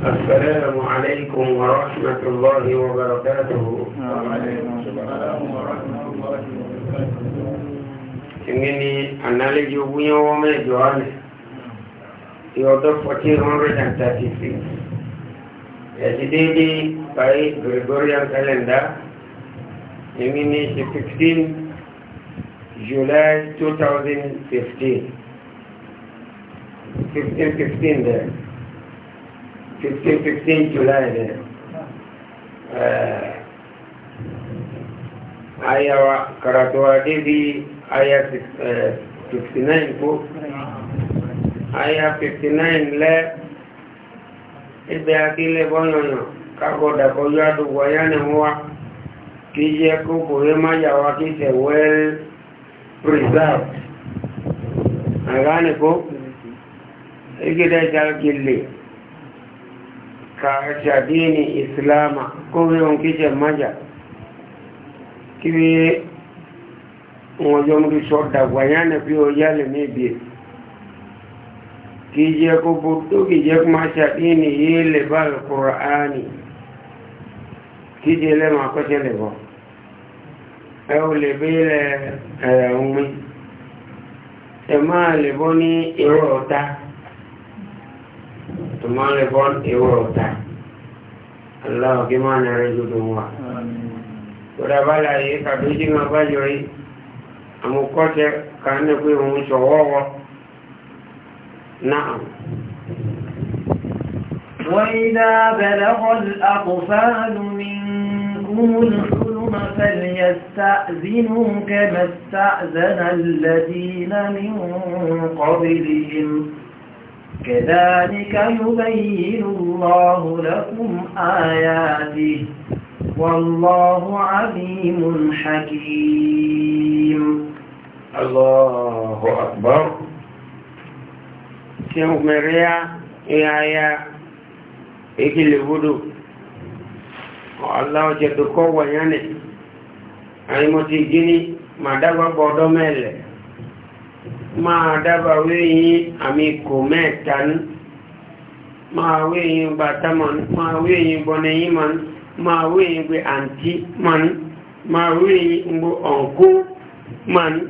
السلام عليكم ورحمة الله وبركاته Ìgbìni ànálejò wúyán wọ́n mẹ́jọ alẹ̀, ìyọ̀dọ́ 1436, ẹ̀sì dédé by Gregorian calendar, ìgbìni ṣe 15 July 2015, 1515 there. 15 15 July there. Eh, aya wa karatu wa hadithi aya 59 eh, ko aya 59 le ibe akile bonono kagoda ko yadu wayane wa kije ko boye ma ya wa kise well preserved agane ko igide jalgille kaacha dini islama kowe onkije maja kiwe ngojo mdu shoda gwanyane pio yale mebie kije kubutu kije kumacha dini ile bal qur'ani kije le makote lebo au lebele eh, umi emaa lebo ni eota tumale kon iworo ta allah kimana rejudumwa koda bala yi ka dujinga bajo yi amukote kande kwi mwisho wowo na'am وإذا بلغ الأطفال منكم الحلم فليستأذنوا كما استأذن الذين من قبلهم كذلك يبين الله لكم آياته والله عليم حكيم الله أكبر شيخ مريا يا يا إيكي لبودو الله جدكو وياني أي موتي جيني ما دقوا بودو ميلي máa dábà wéyìn àmì kò mẹ́ta ní máa wéyìn bàtà mọ̀ ní máa wéyìn bọ̀nẹ̀yìn mọ̀ ní máa wéyìn pé àǹtí mọ̀ ní máa wéyìn gbò ọ̀nkú mọ̀ ní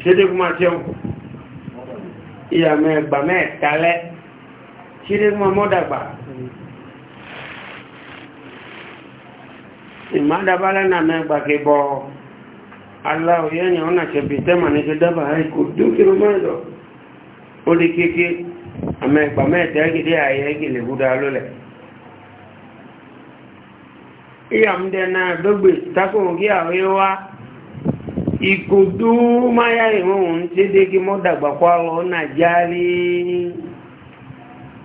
ṣédékú máa tẹ́ ọkọ̀ ìyàmẹ́ ẹgbà mẹ́ta lẹ́ ṣédékú mọ́dàgbà ìmádàbálẹ́ nà mẹ́gbà kébọ̀ọ́ Allah yani ona chepitema ni kidaba haikuduki rumazo ulikiki amepa mete hiki dia hiki le budalole iya mdena dogbe tako ngia wewa ikuduma ya imun tidiki moda gba kwa lo na jali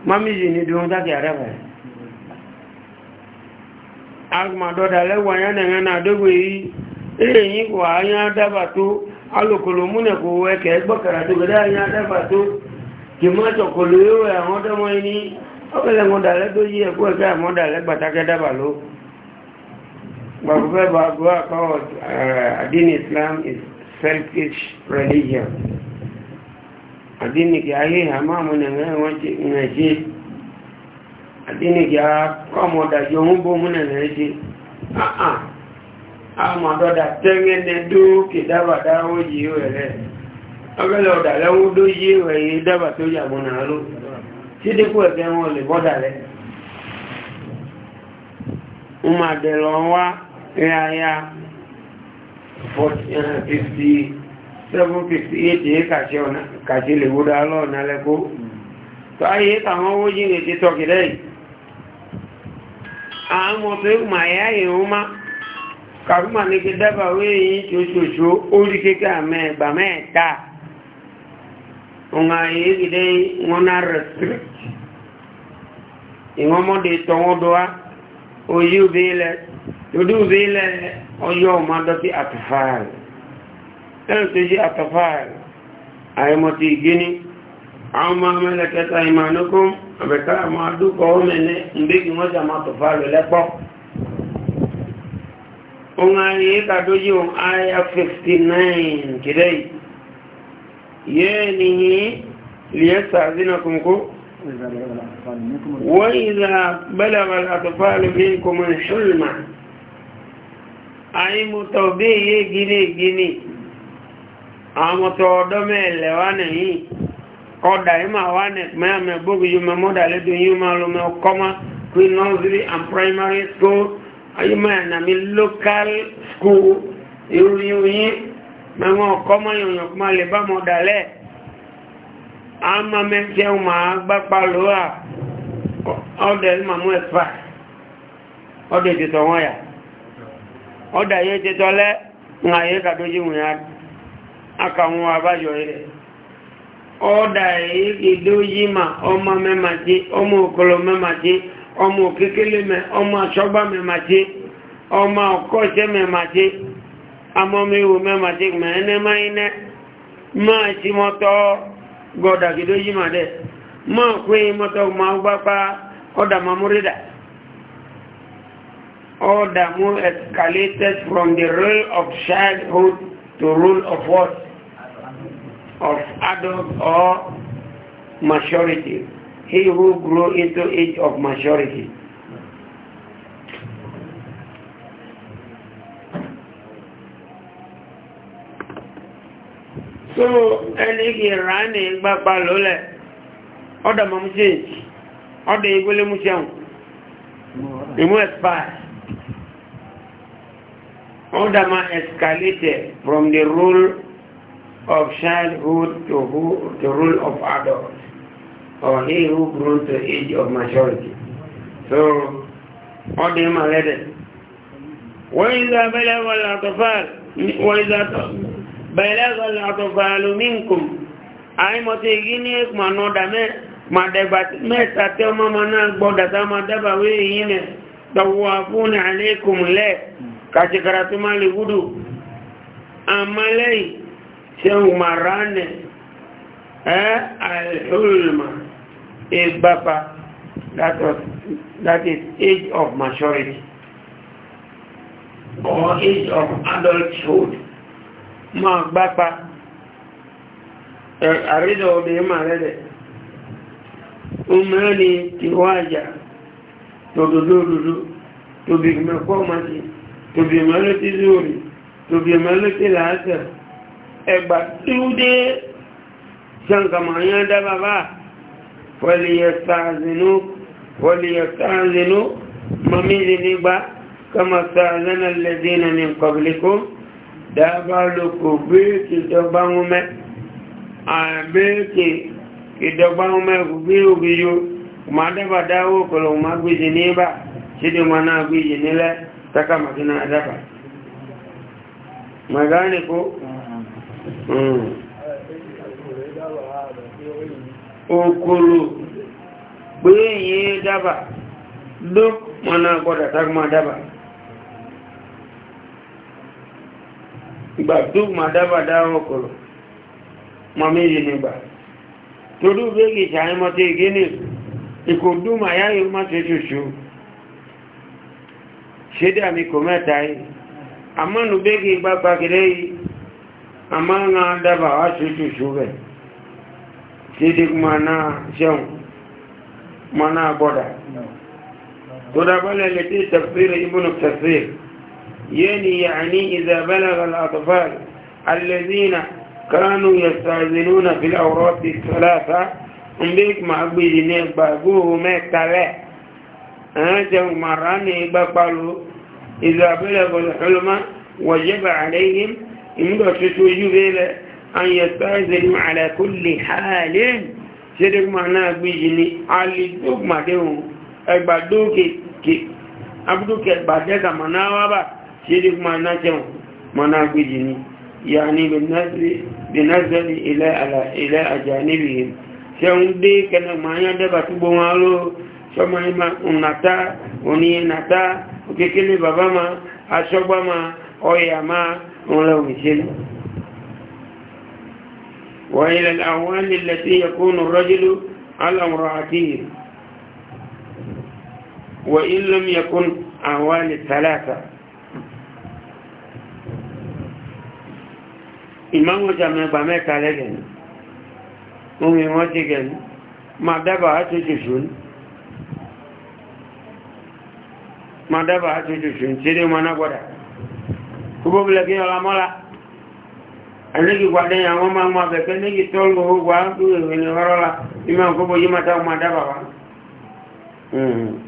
mami jini dun ta ki araba agma do da lewa yana na dogbe yi eléyìí wà áyá dábà tó alùkòlò múnẹ̀kò ẹkẹ̀ gbọ́kàrà tó gẹ̀dẹ́ áyá dábà tó kì má tọ̀kòlò yóò àwọn ọdọ́mọ iní ọ̀pẹ̀lẹ̀ mọ̀dàlẹ́ tó yí ẹ̀kú ẹ̀kẹ́ àmọ́dàlẹ́ gbàtàkẹ́ dábà ló gbàgbẹ́ bá gbọ́ àpá àdín islam is selfish religion àdínìkì ayé àmáàmù nẹ̀rẹ́ wọ́n ti rẹ̀ ṣe àdínìkì akọ́mọdàjọ́ ń bó múnẹ̀ rẹ̀ ṣe amọ̀dọ́dà tẹ́ngẹ́nẹ́ dókè dábà dáwọ́ yìí rẹ̀ ọgbẹ́lẹ̀ ọ̀dà lẹ́wọ́n dó yìí rẹ̀ yìí dábà tó yàgbọ́n náà ló sídíkù ẹ̀kẹ́ wọn lè bọ́dà rẹ̀ wọ́n máa dẹ̀rọ̀ wá ríayá 758 kàṣẹ lè wúdá lọ́ọ̀nà lẹ́kọ́ tó ayé tàwọn owó yìí rẹ̀ ti tọ́kì lẹ́yìn àwọn kàrúmà ní kí dábàá wé yìí ṣoṣoṣo orí kéka mẹ́ ẹgbà mẹ́ta ọ̀nà yìí gidé na náà restrict ìwọ́n mọ́dé tọwọ́dọ́wá oyí òbí lẹ̀ lódú òbí lẹ̀ ọyọ́ ọmọdọ́tí àtàfáàlì ma tó ṣe àwọn ọmọ ìmọ̀ àbẹ̀ká wọ́n ṣe àmọ́ lẹ́pọ̀ ongani kadojo aya 59 kidai yeni liyastazinakum ku وإذا بلغ الأطفال منكم الحلم أي متوبيه جني جني àmọ̀tọ̀ọ̀dọ́mẹ́ ilẹ̀ wá nìyí ọ̀dà ìmọ̀ wá ní mẹ́mẹ́ bóògì yóò mẹ́mọ́dà lẹ́dùn yóò máa lọ mẹ́ ọkọ́mọ́ queen nursery and primary school ayi ma na mi local school irun yin ma wọn kọ́ mọ́ yòyàn kó má lè bá mọ́ a ma mẹ́fẹ́ ma ọ lóà ọdẹ̀ ma mú ẹ̀fà ọdẹ̀ tètò wọn yà ọdẹ̀ ayé tètò lẹ́ ń ayé kàdójú ma ọmọ kékeré mẹ ọmọ asọ́gbà mẹ máa ṣe ọmọ ọkọ́ṣẹ́ mẹ máa ṣe amọ́mẹ́wò mẹ máa ṣe mẹ ẹnẹ́ máa ń nẹ́ máa ṣe mọ́tọ́ gbọ́dà kìdó yìí máa dẹ̀ máa pé mọ́tọ́ máa gbá pa ọ̀dà máa mú rídà mú escalated from the role of childhood to role of what? of adult or maturity he who grow into age of maturity. so ẹni kì í rà ní gbapá lólẹ̀ ọ̀dọ̀ mọ̀ múṣe ọ̀dọ̀ ìgbélé múṣe ọ̀hún ìmú expire ọ̀dọ̀ mọ̀ escalated from the rule of childhood to, the to rule of adults or he who grown to age of maturity. So, all them are ready. وإذا بلغ الأطفال وإذا بلغ الأطفال منكم أي متيجيني ما نودمه ما دبت متى ما منا بدت ما دبا وين توافون عليكم لا كشكرت ما لغدو أما لي سو مرانة أه الحلم age bapa that was that is age of maturity or age of adulthood ma bapa arido de marede umani tiwaja to do do do to bi mkomati to be malati zuri to be malati lasa egba tude sanga manya da baba وليستعزنوا وليستعزنوا مميز نبا كما استعزن الذين من قبلكم دابالكو بيك دبانهم àbẹ́ẹ̀kẹ́ ìdọ̀gbá ọmọ ẹ̀kù bí òbíyó ma dábà dáwó kọlọ̀ ma gbéjì ní bá ṣídé ma náà gbéjì nílẹ̀ taka makina dábà magánìkó okolo pé èyí daba duk mọ́nà gbọ́dà tagmà dábà ìgbà dúk ma daba dáwọn okolo ma méjì nígbà tó dúk bẹ́gì ṣàímọ́tẹ́ ìgínì ìkò dúmà yáyé má ṣe ṣùṣù ṣe dà mí kò mẹ́ta yìí àmọ́nù bẹ́gì ìgbà pàkìlẹ́ yìí àmọ́ ń dábà sídí mana jẹun mana gbọ́dà tó dábọ́lẹ̀ lè tí tafsiri ibùn tafsir yẹni yàní ìzàbẹ́lẹ̀ al'atufal alẹ́zina kánú yẹ̀sàzinúna fil aurọ́ti tọ́láta ń bí ma gbìyì ní gbàgbóhù mẹ́tàlẹ̀ ẹ̀ẹ́jẹun mara ní gbàpàlú ìzàbẹ́lẹ̀ wọ̀jẹ́bà àlẹ́yìn ìmúdọ̀ an yastazilu ala kulli halin ṣe dé kúmọ̀ náà gbéjì ní alìdókùmàdéhùn ẹgbàdókè abúdókè ẹgbàdẹ́gà manáwábà ṣe dé kúmọ̀ náà jẹun maná gbéjì ní yàní bẹ̀nẹ́sẹ̀lì ilẹ̀ àjà níbi yìí ṣẹun dé kẹ́nà máa yá dẹ́bà túbọ̀ wọn ló sọmọ ìmá ǹnàtá òní ìnàtá òkèkèlé bàbá ma aṣọ́gbá ma ọyà ma ńlẹ̀ òmìṣẹ́lẹ̀ وإلى الأعوان التي يكون الرجل على امرأته وإن لم يكن أعوان الثلاثة إمام جمع بامك عليهم ومن وجههم ما دبعت جسون ما دبعت جسون سيدي ما نقول كبوب لكي أغاملا anigi gwade ya ngoma mwaga kenegi tolgo hugu wangu wene warola ima mkubo jima tau madaba wa mm.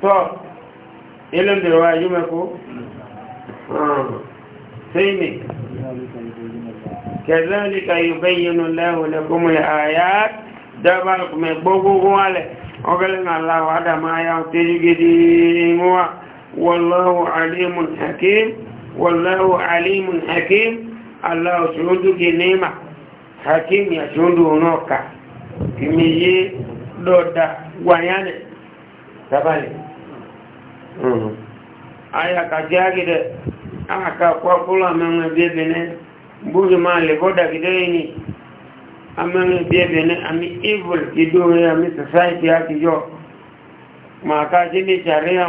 to ile ndiro wa yume ku mm. simi kadhalika yubayinu llahu lakum alayat daba kumebogo wale ogele ngala wada maya utijigidi ngwa والله عليم حكيم والله عليم حكيم الله سعودك نعمة حكيم يسعود هناك كمية دودا ويانا تبالي aya kajaa kide aka kwa kula mengwe bebene bugi mali boda kideni amengwe bebene ami evil kidoe ami society yake yo makaji ni charia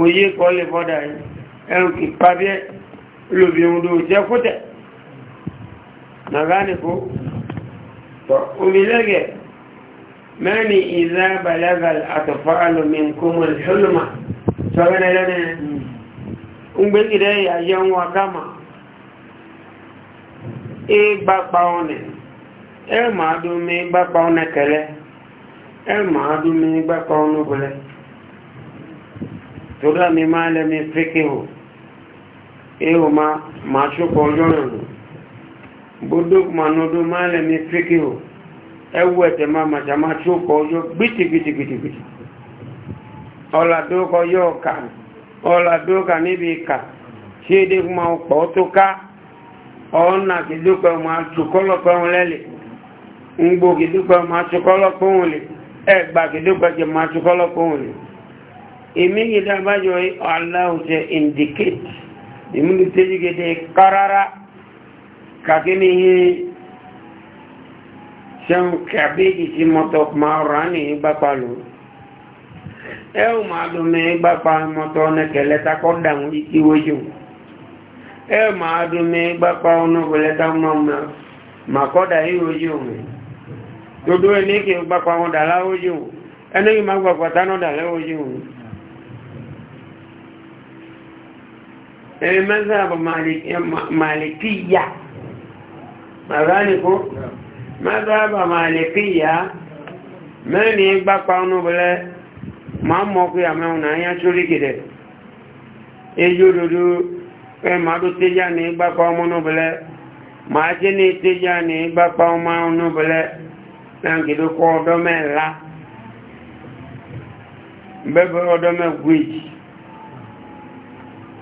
oye kọ́ lè bọ́dà yìí ẹ̀rùn kì pàbí ẹ̀ lòbí ohun tó jẹ́ fútẹ̀ nàgánìkó tọ́ omílẹ́gẹ̀ mẹ́rin ìzá balagal àtọ̀fà kó mọ̀ lọ́lọ́mà sọ́rọ̀ ẹ̀ máa dún mi gbápa bọ̀lẹ́ tọ́dá mi máa lẹ́mi fíkíhù ihò ma máa ṣúkọ̀ ọjọ́ ìrìnà gbogbo manodó máa lẹ́mi fíkíhù ẹwú ẹ̀tẹ̀ máa màṣà máa ṣúkọ̀ ọjọ́ gbìtìgbìtìgbìtì ọ̀làdókọ̀ yọ ọ̀kà ọ̀làdókà níbi ìkà tí èdè máa pọ̀ tó ká ọ̀nà kìdúpẹ̀ máa ṣùkọ́lọ́pẹ̀ wọn lẹ́lẹ̀ ń gbò kìdúpẹ̀ máa ṣùkọ́lọ́pẹ̀ wọn lẹ̀ ẹgbà kìdúpẹ̀ èmi yìí dábàjọ aláwọ̀ ṣe indicate ìmúlù tẹ́jú gẹ́gẹ́ kárára kàkí ní yí ṣeun kàbíyì sí mọ́tọ̀ máa ní ìgbàpá lò ẹ ò máa dùn mí ìgbàpá mọ́tọ̀ nẹ́kẹ̀lẹ́ takọ́ dàmú ikí wójú ẹ máa dùn ọ̀nàbọ̀lẹ́ takọ́ ìwójú mi dodo kí wọn máa tánú mi. e malikiya magani ko mazhab malikiya meni gba pa ma mo ko ya me una yan sori kide ejo dudu e ma do teja ni gba pa bele ma je ni teja ni gba pa ọmọ nu bele lan gido ko do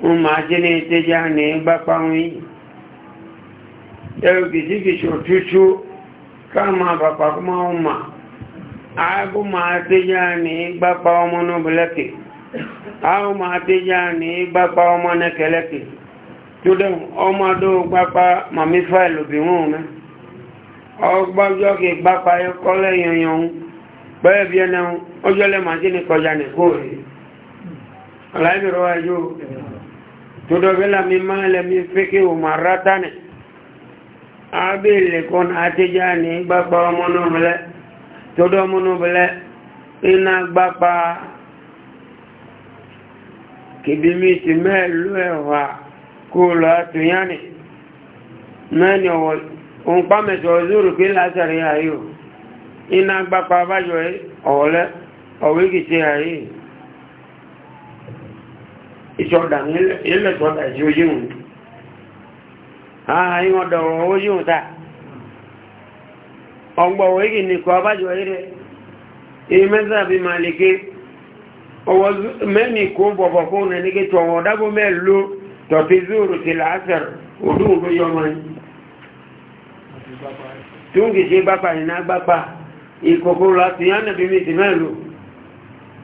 ma ụmụ ajịna eteji a na-agbakpanwe egizigichi ọtụtụ kama bakpakma ụma agụ ma ateji a na-agbakpa ọmụ n'obeleke ahụ ma ateji a na-agbakpa ọmụ n'ekeleke tụde ọmọdụ gbakpa mami faịlụ bi nwa ome ọgbọjọ gị gbakpa kọlẹ yọnyọn bẹ́ẹ̀ bí ẹnẹun ọjọ́lẹ̀ ma jẹ́ ní kọjá nìkó rẹ̀ ọ̀láìbìrọ̀ ẹjọ́ todo vela mi male mi feke umaratane abele kon atejani baba mono bele todo mono bele ina baba kibimi ti melu ewa kula tuyani nani o on pa me so zuru ki la sare ayo ina baba bayo e ole owe ki se ayo ìṣọ́dà nílẹ̀ tọ́ta ìṣẹ́ ojúhùn àà ìwọ̀n dọ̀rọ̀ ojúhùn ta ọgbọ̀wọ̀ ìgì ní kọ abájọ ilẹ̀ ìmẹ́sàbí màlìké ọwọ́ mẹ́ni kó bọ̀bọ̀ fún ẹnikẹ́ tọ̀wọ̀ dábò mẹ́lú tọ̀tí zúrù ti láásẹ̀r òdúhùn ló yọ mọ́ túnkì ṣe gbápa nínú agbápa ìkòkò láti yánàbí mi ti mẹ́lú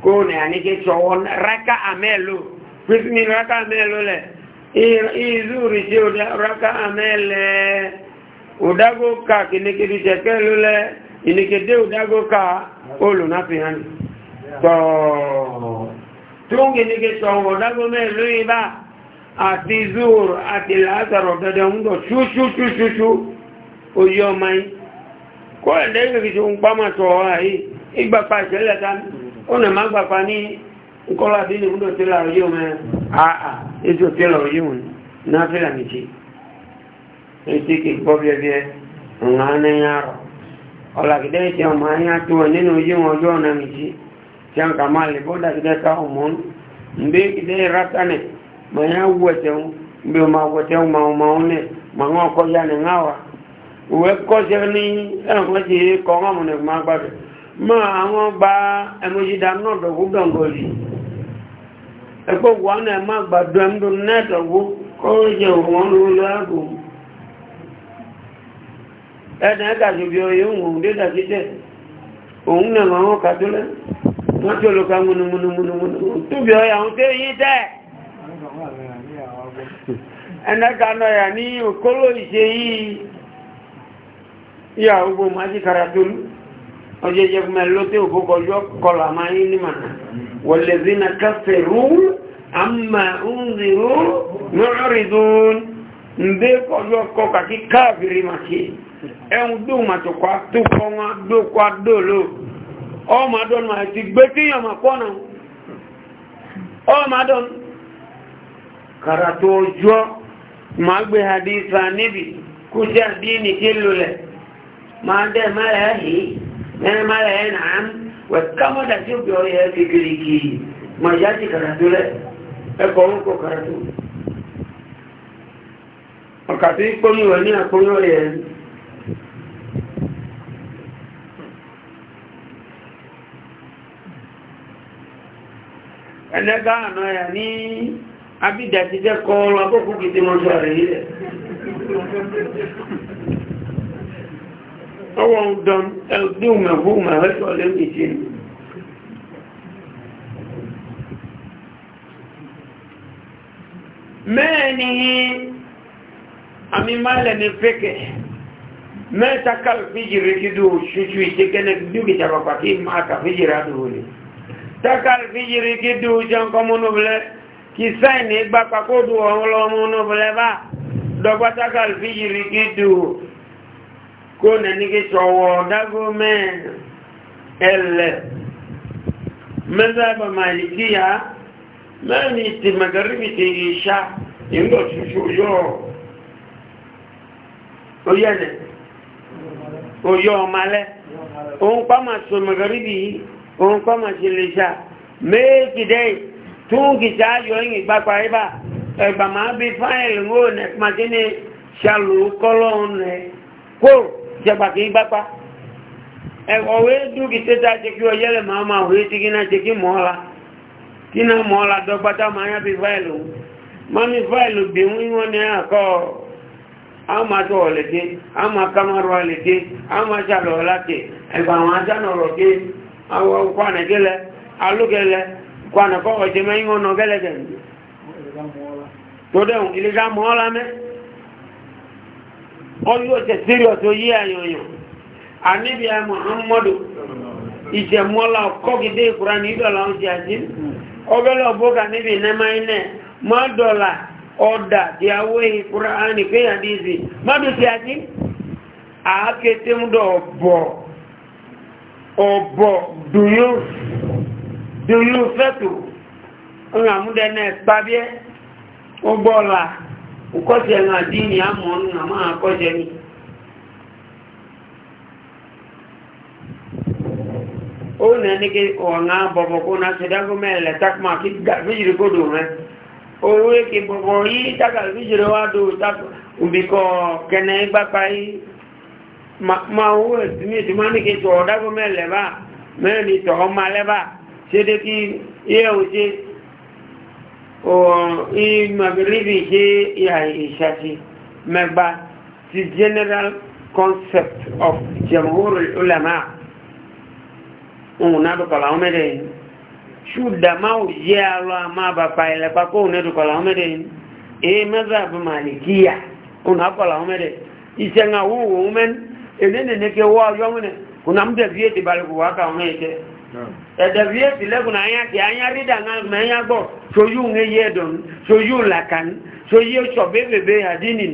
kó ní àníkẹ́ tọ̀wọ̀ rákà àmẹ́lú prismi raka melo le izuri si raka amele udago ka kinikiri tekelo le inikede udago ka olu na hani to tungi nike to udago iba ati zur ati lazaro dede mundo shu shu shu shu shu mai igba pa pa nkọ́lá bí ní múlò tẹ́lá ọ̀yẹ́ ọmọ àà ètò tẹ́lá ọ̀yẹ́ òun náà fẹ́lá méjì ètò ìkọ́ bí ẹbí ẹ ńlá náà rọ̀ ọ̀làgídẹ́ ìṣẹ́ ọmọ ayé tó wọn nínú oyé ọjọ́ ọ̀nà méjì tí a ń kà máa lè bọ́dà gídẹ́ ká ọmọ ń gbé gídẹ́ rátánẹ̀ mà yá wú ẹ̀tẹ̀ ń gbé ọmọ àwọ̀tẹ̀ ń ma ọmọ ń ya kọ́ ẹ̀pọ̀ wọ́n náà má gbàdọ̀ ẹ̀mdọ̀ nẹ́tọ̀wó kó jẹ òun lórí ààbò ẹ̀nà ẹ̀kàṣòbí ọyẹ òun dédà títẹ̀ òun náà máa wọ́n kàtólẹ́ wọ́n tó lọ ká múnumúnumúnumúnú والذين كفروا عما أنذروا معرضون mbeko yoko kaki kafiri maki ẹun dùn ma tó kọ́ àtúkọ́ wọn dókọ́ àdóòlò ọmọ adọ́nù ti gbé ma mà kọ́nà ọmọ adọ́nù kàrà tó ma gbé hadisa níbi kú jẹ́ àdínì ma dẹ́ mẹ́rẹ̀ kama tí ó bí ọrẹ ẹ kékeré kí ma yá ti kàràtú rẹ ẹkọ orúkọ kàràtú ọkàtí pọ́nú rẹ ní àpọ́nú rẹ ẹ ẹlẹ́gá àná ẹ̀ ní abídà ti jẹ́ kọ́ ọrọ̀ abókù kìtìmọ́sọ rẹ̀ yìí rẹ̀ ọwọ́ ọdún ẹgbẹ́ òmìnàbó mẹ́rẹ́sọ̀ lẹ́mìtì mẹ́ẹ̀ni àmì máàlẹ̀ ní fẹ́kẹ̀ mẹ́ta kàl fíjìrì kìdó ṣúṣú ìṣẹ́kẹ́lẹ̀ dúkìtà pàpà kí máa kà fíjìrì àdúgbòlè takal fíjìrì kìdó ṣankọmọ́nubulẹ̀ kì sáìnì gbapakódù ọ̀hún lọ́mọ́nubulẹ̀ bá dọ̀gbátakal fíjìrì kìdó kó nẹnigi sọ̀wọ́ dágó mẹ́rin ẹ̀lẹ̀ mẹ́sàbà màlìkíyà mẹ́rin ti mẹ́gàríbì ti ìṣá ìgbọ̀ ṣoṣo yọ́ oyẹ́nẹ̀ oyọ́ ọmọlẹ́ òun pàmà sọ mẹ́gàríbì yìí òun pàmà sí lè ṣá méjì dẹ́ tún kìtà ayọ̀ yìí gbápa ibà ẹgbàmà bí fáìlì ń wò nẹ́kùmàtí ní ṣàlùkọ́lọ́ nẹ́ kóò jẹ́gbà kìí gbápá ọ̀wé dúkì tẹ́ta jẹ́ kí ọyẹ́lẹ̀ máa máa wé tí kí náà jẹ́ kí mọ́ọ́lá kí náà mọ́ọ́lá dọ́gbátá máa yá bí fáìlù mami fáìlù bí wọ́n ní àkọ́ àmàtọ̀ ọ̀lẹ́dẹ́ àmàkámárù ọ̀lẹ́dẹ́ ẹ̀gbà àwọn ọ̀rọ̀ àwọn ọyọ́ ṣe serious oyé àyọ̀yàn àníbi àmọ̀ ọmọdé ìṣẹ̀mọ́lá ọkọ́gidé ìkura ní ìdọ̀là oúnjẹ àjí ọbụla ọ̀bọ́gà níbi ìnẹ́mà iná má dọ̀là dị tí a wé ìkura ya dị izi má si sí àjí àákété ukọ́sẹ̀ ẹ̀rùn àdínì àmọ́nù àmọ́ àkọ́sẹ̀ ni ó nà ní kí ọ̀nà bọ̀bọ̀kú na ṣẹ̀dágó mẹ́lẹ̀ takma kí fíjìrì kó dùn rẹ̀ owó èkè bọ̀bọ̀ yìí takà fíjìrì wá dùn ubìkọ̀ kẹ̀nẹ̀ ìgbàpá yìí ma owó ẹ̀sìmí tí máa ní kí tọ̀ ọ̀dágó mẹ́lẹ̀ bá mẹ́rin tọ̀ ọmọ alẹ́ bá ṣe dé kí iye òṣèlú ìmọ̀bìrìbì ṣe ìṣàṣì mẹ́gbà the general concept of jamhuri ulama òun náà dùkọ̀lá ọmọ ẹ̀dẹ̀ yìí ṣùdàmá ò yẹ́ alọ àmà bàbá ìlẹ̀pá kó òun do dùkọ̀lá ọmọ ẹ̀dẹ̀ yìí èyí mẹ́sà bí màlìkíyà òun náà kọ̀lá wu ẹ̀dẹ̀ ìṣẹ̀ngà ne òun mẹ́nu èdè nìyẹn kí wọ́ ọjọ́ mẹ́nu kò náà mú tẹ̀ fíyèsí balùwẹ̀ ẹ̀dẹ̀fíyèsí lẹ́kùn àyàtì àyàrídà mẹ́yàgbọ̀ ṣoyú ń yé ẹ̀dọ̀n ṣoyú làkàn ṣoyí ọ̀ṣọ̀ bébèbè àdínì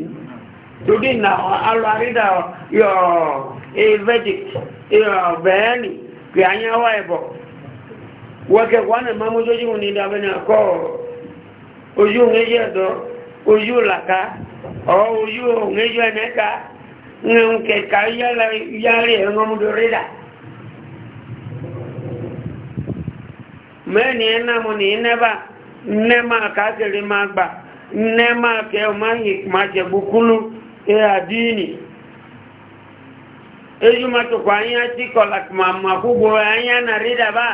torí na alọ àrídà yọ ẹ̀vẹ́dìk bẹ́ẹ̀ni pé àyàwó ẹ̀bọ̀ wọ́kẹ̀ wọ́n mọ́ mọ́sójú ní ìdàbẹ̀ni àkọ́ ojú ń yé ẹ̀dọ̀ ojú làkà ọ̀ ojú ń yé ẹ̀nẹ́ka ń kẹ̀kà yálẹ̀ ẹ̀ńgọ́mọdé rídà mẹ́ni ẹ̀nà na ní nẹ́bà nẹ́mà káàkiri máa gbà nẹ́mà kẹ́ máa jẹ̀bù eju ma tó ma na rídà bá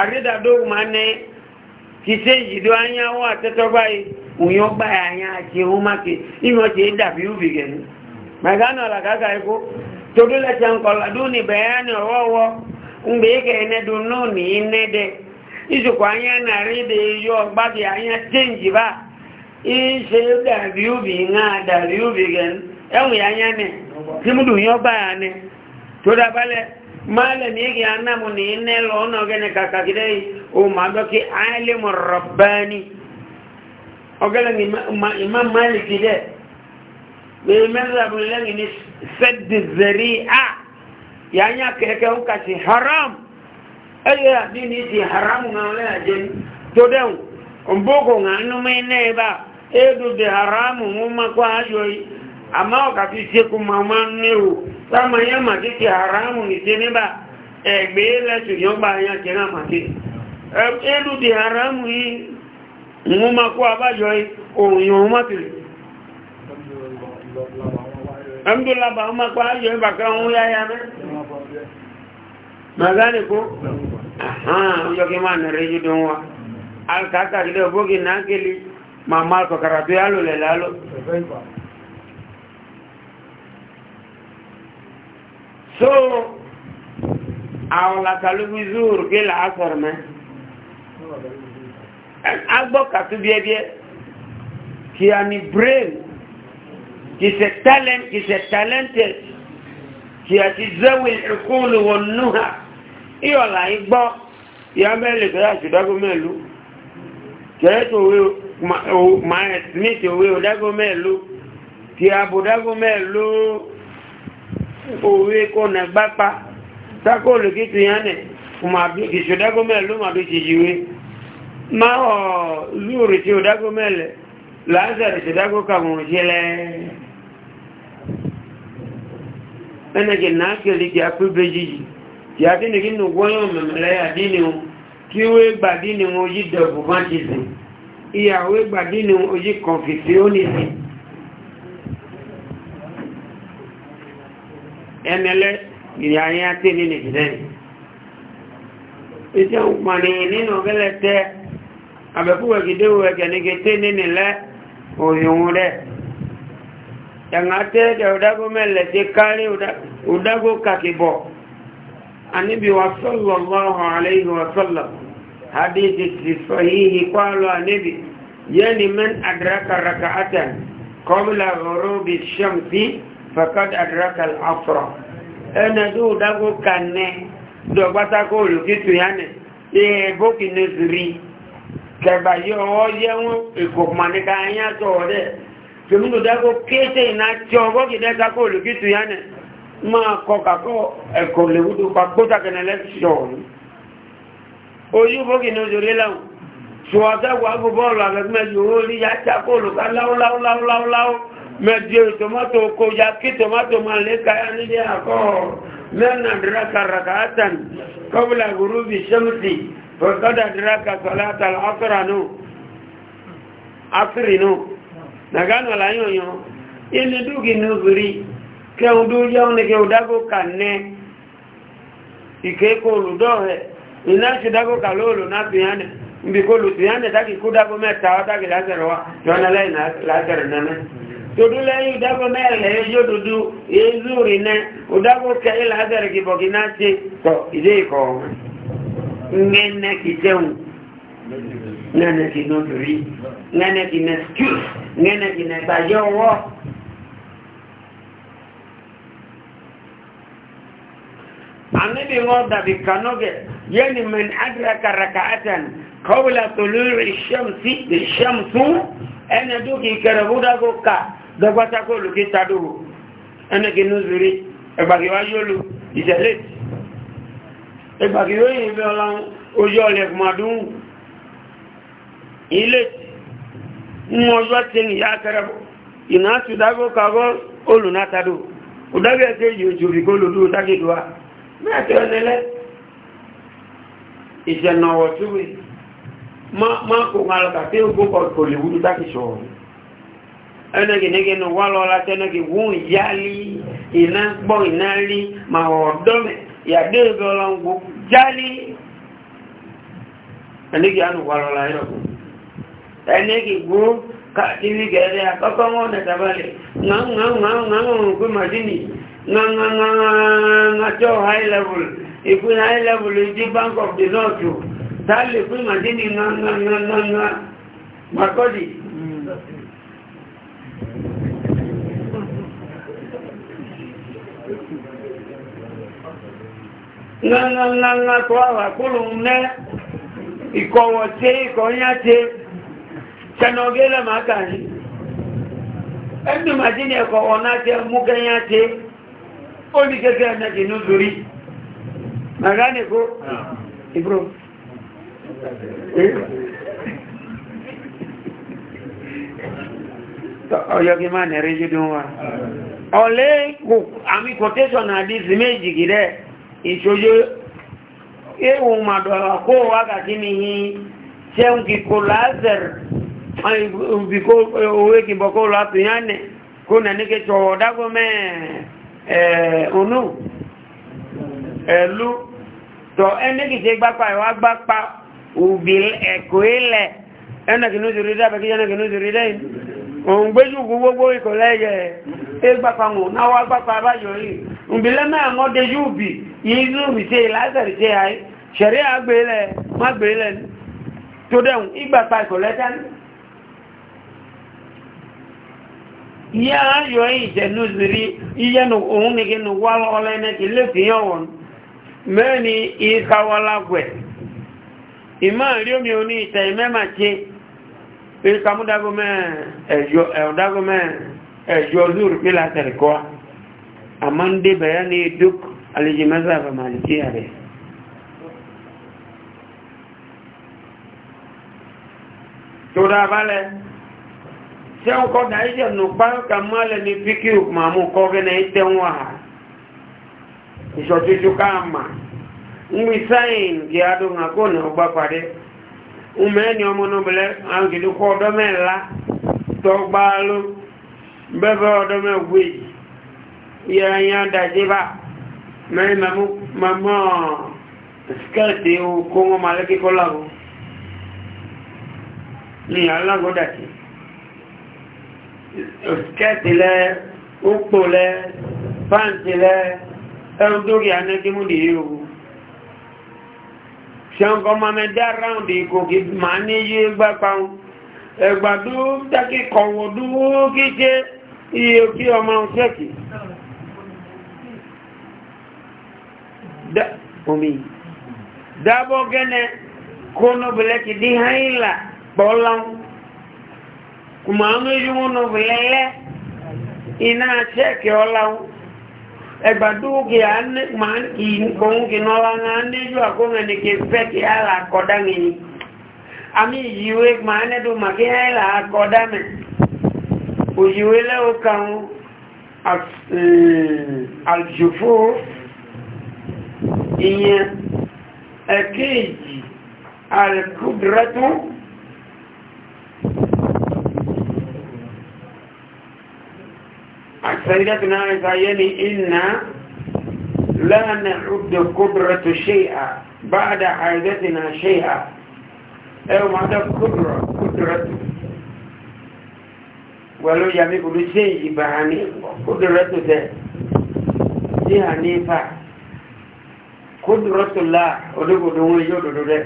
àrídà dóòwò ma ní kìsẹ́ ìjìdó anyá wọ́n àtẹ́tọ́ báyìí òyìn ọgbà anyá àti ewu má ké ìmọ̀ tí é dàbí ubì gẹ̀ẹ́nu màgánà làkàkà ikú ìjòkó anya na ìdè yọ ọgbàdì anya jẹ́ǹjì bá ìṣe dàbí ubì náà dàbí ubì gẹ̀ẹ́n ẹ̀wùn anya nì tí mú dùn yọ bá yà nì tó dábálẹ̀ máa lẹ̀ ní èkì anáàmù ní iná lọ ọ̀nà ọ̀gẹ́ni kàkàkìdẹ́ ohun máa dọ́kí alẹ́mù rọ̀báni ọ̀gẹ́lẹ̀ ìmá máìlìkì dẹ̀ bẹ́ẹ̀ mẹ́sàbùn lẹ́yìn ní sẹ́dì à yà á nyà kẹ̀kẹ́ ń haram ẹyẹ àdínì ti haramu náà lẹ́yàjẹ́ tó dẹ̀hùn òǹbókò ńánúmí náà édùdè haramu mú mako ayọ̀ yìí àmá ọ̀kà fi ṣekú màmá níhù sáàmà yẹ́ ma ti haramu nìṣẹ́ níbà ẹ̀gbẹ́ lẹ́sù yọ́gbà ayá jẹ́ náà màtí édùdè haramu yìí mú mako abáyọ̀ yìí òun yóò mọ́tìlì alhamdulillah ba mako ayọ̀ ya magani ko aha yo ke man reju donwa al kaka ile obogi nakeli mamal ko karatu yalo le so awla kalu bizur ke la me agbo katu bie bie ki ani brain ki se talent ki se talented ki ati zawi al ìyọ̀là yìí gbọ́ ìyá mẹ́lẹ̀ tó yàtọ̀ dágó mẹ́lú kẹrẹ́tò òwe máa smith òwe òdágó mẹ́lú ti àbò dágó mẹ́lú òwe kò nà gbápa sákò olùkítù yẹn nì kìsù dágó mẹ́lú màdó jìjìwé máa ọ̀ lúùrì tí òdágó mẹ́lẹ̀ láńsẹ̀rì tí dágó kàmùrù sílẹ̀ ẹnìkì náà kìlì kì á pé bẹ́jì yìí tí a dín ní kí nùgbọ́ yóò mẹ̀mẹ̀lẹ́ àdínì o kí ó gbà dínì o yí dẹ̀bù bá ti sìn ìyàwó gbà dínì o yí kọ̀ǹfìsì ó ní sìn ẹnẹlẹ́ ìyàrin àti ní nìjìdẹ́ni iṣẹ́ òpànì nínú ọ̀gẹ́lẹ̀ tẹ àbẹ̀kúwẹ̀ gidéwò ẹ̀kẹ́ ní kété nínú lẹ́ òyìnwó rẹ̀ ẹ̀ngá tẹ́ ẹ̀dẹ̀ ọ̀dágó mẹ́lẹ̀ ti kárí ọ̀dágó kàkìbọ̀ النبي صلى الله عليه وسلم حديث في الصحيح قال النبي يعني من أدرك ركعة قبل غروب الشمس فقد أدرك العصر أنا دو دغو كان دو باتاكو لكيتو يعني إيه بوكي نزري kẹgbà yí ọwọ́ yẹ́wọ́n ìkòkùnmọ̀ní ká ẹ̀yà tọ̀ ọ̀rẹ́ tòmínú dágó kéèsè ìná tí ọgọ́gì dẹ́ta kó olùkítù yánẹ̀ máa kọ kàkọ́ ẹ̀kọ́ lèwúdó pa gbótàkẹ̀nà lẹ́ṣọ̀ọ̀nù oyú bókì ní òjòrí lẹ́wọ̀n ṣùwọ́sẹ́wọ̀ agbó bọ́ọ̀lù àgbẹ̀gbẹ̀mẹ́jì owó rí ya jákòólù ká láúláúláúláú mẹ́jì tòmátò kó ya kí tòmátò máa lé káyá nílé àkọ́ mẹ́nà dìrákà ràkàátàn kọ́bùlà gúrúbì ṣẹ́mùsì fọ́sọ́dà dìrákà sọ́látà áfírì náà nàgánà láyọ̀yàn inú dúkì ní kẹun tó yá ọ́nà kẹun dágó kà ní ìkéèkó olùdọ́ọ̀rẹ̀ iná ṣe dágó kà lóòlù náà fi hàn níbi kó lù sí hàn ní táàkì kú dágó mẹ́ta wá táàkì lásẹ̀rẹ̀ wá jọ́nà lẹ́yìn lásẹ̀rẹ̀ nẹ́mẹ́ tòdú lẹ́yìn dágó mẹ́rẹ̀lẹ́ yóò dúdú èézú rì nẹ́ òdágó kẹ́yìn lásẹ̀rẹ̀ kì bọ̀kì náà ṣe tọ̀ ìdé ìkọ̀ ọ̀hún anibi wọn dàbí kanoge yẹni mẹni adraka raka'atan kọbla tolórí ìṣẹ́mùsù ẹni dúkì kẹrẹ̀búdágó ká dọgbátákó olùkí tadúró ẹni kì nùzùrí ẹgbàgíwá yóòlù ìṣẹ̀lẹ̀ ẹgbàgíwá yìí bẹ́ ọlá ojú ọlẹ̀ kùmàdún ilé ń ọjọ́ tí ń yá kẹrẹ̀bú ìnáṣùdágó kagọ́ olùnátadó ọdọ́gẹ́ mẹ́ẹ̀kẹ́ ọ̀lẹ́lẹ́ ìṣẹ̀nàwọ̀ túwé máa kò ń alọ́ta tí ó gbọ́kọ̀ kò lè wúdú dákì sọ̀rọ̀ ẹnẹ́gì nígẹ̀ ní wà lọ́la tẹ́nẹ́gì wún yálí iná gbọ́ iná rí ma ọ̀dọ́mẹ̀ ìyàdé ìgbọ́lọ́ngbò jálí ẹnẹ́gì ánù wà lọ́la ẹ̀rọ̀kù ẹnẹ́gì gbó káàkiri gẹ̀ẹ́rẹ́ akọ́kọ́ mọ́ nàjọ́ high level ìpín high level ìdí bank of the north tààlì pín màdínì nàà makọ́dì ó ní gẹ́gẹ́ ẹ̀nẹ́gì ní lórí mẹ́ránìkó ìbúrò ọjọ́ kí máa nẹ̀rẹ́ jídún wa ọ̀lẹ́ àmì quotation àdísì méjì gìdẹ́ ìṣòjò ehun màdọ̀lá kó wákàtí ni yí ṣeun kìkò láàzẹ̀r òwe kìbọ̀kó láti yánẹ̀ kó nà ní kẹtọ̀ ọ̀dágbọ́mẹ́ẹ̀ onu ẹ̀lú tọ ẹnẹ́gìṣẹ́ gbápa ìwá gbápa òbí ẹ̀kọ́ ilẹ̀ ẹnẹ́gìnú ti rí dá bẹ̀kí ẹnẹ́gìnú ti gbogbo dẹ́yìn òun gbéjú gbogbo ikọ̀ na ẹ gbápa wọn náwà gbápa abájọ yìí òbí lẹ́mẹ́ àwọn dejú òbí yìí ní òbí ṣe ìlàsẹ̀rì ṣe àyí ṣẹ̀rí àgbélẹ̀ má gbélẹ̀ ihe ha yọọ ije n'uziri ihe onwe gị n'ụwa ọla eneki lefi ya ọwụn mee ni ịkawala gwe ime arịomi onye ite ime ma machi ịkamụ dagome ejo e, dagome ejo zuru pilatari kọa ama ndị be ya na-eduk alijimeza abamaliki ya bịa tụrụ abalị tẹ́wọ́n kọ́ da ẹ̀jẹ̀ nù páńkà má lẹ̀ ní fíkì màmú kọ́ gẹ́ náà tẹ́wọ́n à ìṣọ̀tútù ká mà ń bí sáyìn kí a dùn àkó ní ọgbà pàdé ń mẹ́ni ọmọ náà bẹ̀lẹ́ àwọn kìdí kọ́ ọdọ́ mẹ́la tọ́gbà ló bẹ́ẹ̀ bẹ́ ọdọ́ mẹ́wé yẹ ẹ̀yà dàjẹ́ bá mẹ́rin màmú màmú skẹ́ẹ̀tì kó wọn malẹ́kí kọ́ làwọn ní skẹ́ẹ̀tì lẹ ópò lẹ pàǹtì lẹ ẹ̀rùn tó rí anẹ́gímú nìyí o ṣẹ́ǹkọ́ máa mẹ́ dá ráùndì kò kí máa ní yé gbápa ń ẹgbà dúró dákì kọ̀wọ̀ dúró kí ṣe iye kí ọmọ ṣẹ́kì omi dábọ́ gẹ́nẹ́ kónóbìlẹ́kì dín hàn ìlà pọ̀ọ́lọ́hún kùmọ̀ọ́nù yíwọ́ nọ̀bù lẹ́lẹ́ iná ṣẹ́ẹ̀kì ọláwọ́ ẹgbàdúgì ìkọ̀húnkì nọ́lá náà níjú àkóhẹ̀ni kì fẹ́kì àlà àkọ́dá yìí àmì ìyíwé máa nẹ́dù màkí àlà àkọ́dá mẹ́ òyíwé lẹ́wọ́ kan àjùfó ìyẹn ẹ̀kẹ́ẹ̀jì alkùdrẹ́tún سيدتنا عيسى إن لا نعد قدرة شيئا بعد حاجتنا شيئا أو معنى قدرة قدرة ولو يمي كل شيء بهاني قدرة ده دي هنيفة قدرة الله ودقوا دون يجودوا ده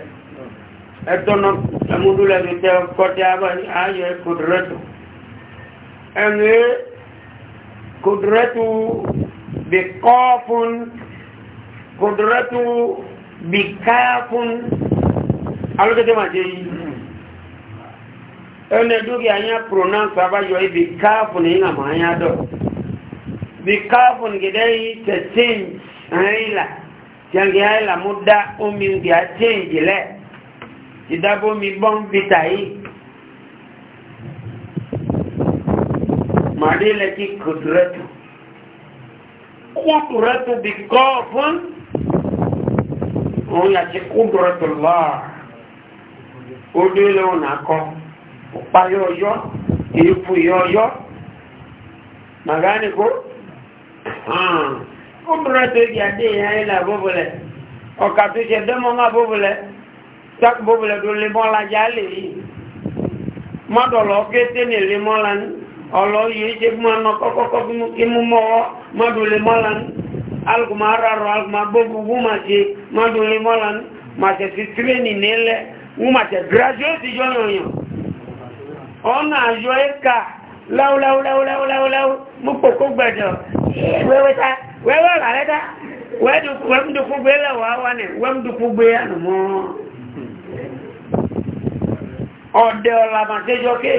ẹtọ́nà ẹmúdúlẹ̀ fi tẹ́ kọ́tẹ́ abáyé ayọ̀ قدرته بقاف قدرته بكاف على كده ما جاي أنا دوكي أنيا pronounce أبا يوي بكاف نينا ما أنيا دو بكاف كده تسين هيلا tiangi haya la muda umi ngia change le idabo mi bon vita hii माने लगी कुदरत कुदरत बिकॉफन òun yàtí kúndùrọ̀tò lọ́à ó dé lóhùn àkọ́ òpáyé ọyọ́ èéfù yọ ọyọ́ màgánìkó kúndùrọ̀tò yàdé ìyáyé là bóbulẹ̀ ọ̀kà tó ṣe dẹ́mọ́ má bóbulẹ̀ sáàkù bóbulẹ̀ tó lè mọ́lá já lè yí mọ́dọ̀lọ́ kété ní lè mọ́lá ní ọlọ́yìn ṣe fún ọmọ kọ́kọ́kọ́ kí mú mọ́wọ́ mọ́dúnlé mọ́lan alùkùnmọ́ arárọ̀ alùkùnmọ́ gbogbo wúmàṣe mọ́dúnlé mọ́lan màṣẹ fi tírénì nílẹ̀ wúmàṣẹ gírásíọ́sì yọ̀nyọ̀nyọ̀ ọ̀nà àjọ ẹ̀ka láúláúláúláúláú mú kòkó gbẹ̀dọ̀ wẹ́wẹ́ta wẹ́wẹ́ làlẹ́ta wẹ́mdùkú gbé lẹ́wọ̀ wá ní wẹ́mdùkú gbé ànàmọ́ ọ̀dẹ̀ ọ̀làmàṣẹ́jọ́ kéè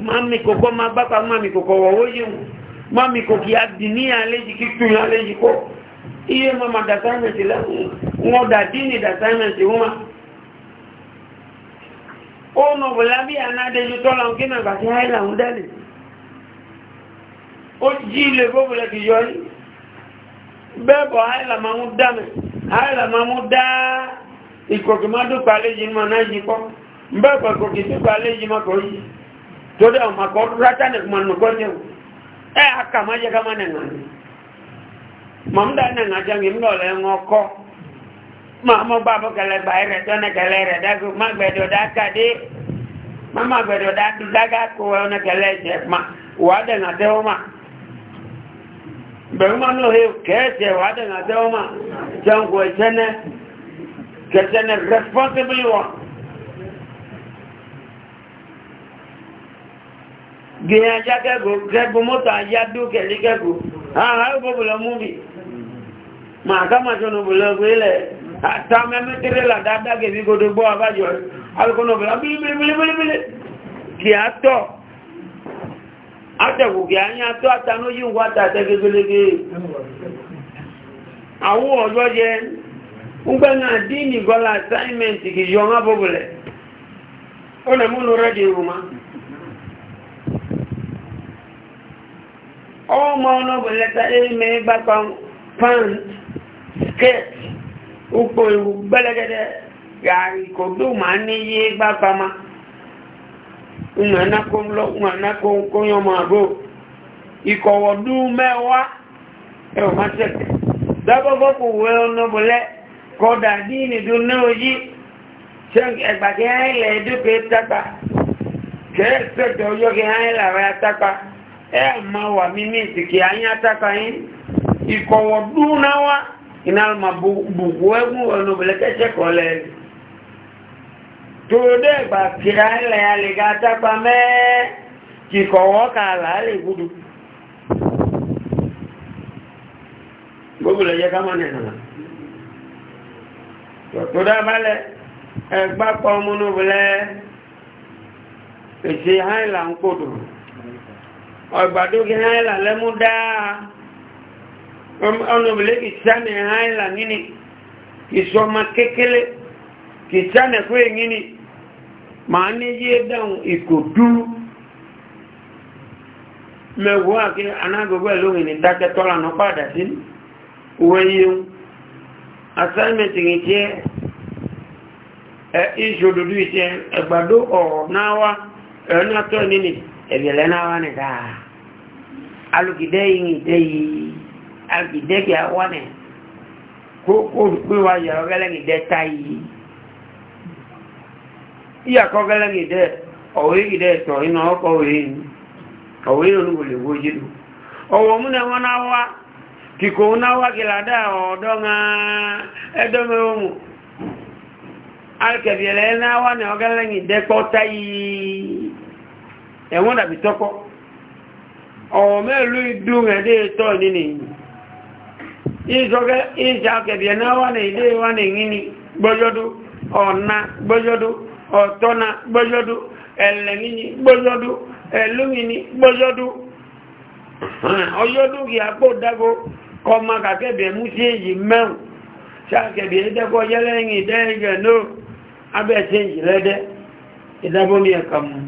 mami koko ma mami koko wawoye mami koki adini aleji kitu aleji ko iye mama datanati la ngo dadini datanati uma ono bolabi ana anade jutola ngina basi haila undali ojile bobola kijoli bebo haila mamudame haila mamuda ikokimadu paleji mana jiko mbebo kokitupa aleji makoyi todo a makor rata ne man ko ne e aka ma ye kama ne ngani mam da ne ngaja ngim no le ngoko ma mo babo kale baire e to ne kale e re da ku ma gbe do da ka de mama gbe do da du da ga ko e ne kale je ma wa de na de o ma be ma no he ke se wa de na de o ma jan ko chene ke chene responsibly wa gbìyànjá kẹ́gò kẹ́gò mọ́tò ajá dúkẹ̀lí kẹ́gò àwọn àìbòbòlò múbi ma kámàtúnù bòlò gbélẹ̀ àtàmẹ́mẹ́tẹ́rẹ́ làdádágẹ̀ bí godo gbọ́ abájọ́ alùkọ́nà bòlò àwọn ọ̀dọ́ jẹ́ ń gbẹ́ náà dín nìgọ́lá assignment kì yọ ọmọ bòbòlẹ̀ ó lè múnú ọmọ ọlọ́bọ̀lẹ́ta ẹ̀mẹ́ gbápa pant skirt upo ewu gbẹ́lẹ́gẹ́dẹ́ yàrí kò dó máa ní ma ǹnànákó kóyàn máa bó ìkọ̀wọ̀dú mẹ́wàá ẹ̀rọ máa kọda dini ẹgbàgẹ́ e ma wà mí ní anyị ataka yín ìkọ̀wọ̀ dún náà ma bùkú ẹgbùn ọ̀nà òbílẹ̀kẹ́sẹ̀ kọ́ lẹ̀ tó dé ìgbà kìlá ilẹ̀ àlèkà ataka mẹ́ẹ́ kìkọ̀wọ́ kà láàlè gudu gbogbo lè ọgbàdógí haìlà lẹ́mú dáa ọ̀nàbìlẹ̀ kìsánì haìlà nínú ìsọmọ kékeré kìsánì fún èyí ni màá ní yé dáhùn ìkòdú mẹ́wọ́ àti anágbogbo ẹ̀lóhìn ní dákẹ́tọ́lá náà sí wẹ́yẹun assignment ní tiẹ́ ẹ̀ ìṣòdodo ìṣẹ́ ẹ̀gbàdó ọ̀rọ̀ náà ẹ̀bẹ̀lẹ̀ náà wà ní dáa alùkìdẹ́ yìí ìdẹ́ yìí alùkìdẹ́ kì á wà ní kókó pínwá yọ̀rọ̀ gẹ́lẹ́gì dẹ́ ta yìí ìyàkọ́ gẹ́lẹ́gì dẹ́ ọ̀wé yìí dẹ́ tọ̀ iná ọkọ̀ òwe yìí ọ̀wé yìí ló lè wo jìlù ọ̀wọ̀ mú náà wọn náà wá kìkò náà wá kìlà dá ọ̀dọ́ ńlá ẹ̀dọ́mẹ́ òmù alùkẹ̀bẹ̀lẹ̀ náà wà ní ọ̀gẹ́lẹ́gì dẹ́ pọ́ ta yìí. ẹ̀wọ́n dàbí tọ́kọ́ ọ̀wọ̀ mẹ́lú ìdún ẹ̀dẹ́ tọ́ nínú ìjọgẹ́ ìjàkẹ̀bẹ̀ náà wà ní ilé wà ní ìní gbọ́jọ́dú ọ̀nà gbọ́jọ́dú ọ̀tọ́nà gbọ́jọ́dú ẹ̀lẹ̀míní gbọ́jọ́dú ẹ̀lúmíní gbọ́jọ́dú ọjọ́dú dágó kọmọ mú sí èyí mẹ́rùn yẹ́lẹ́yìn náà abẹ́ ìdábómi mú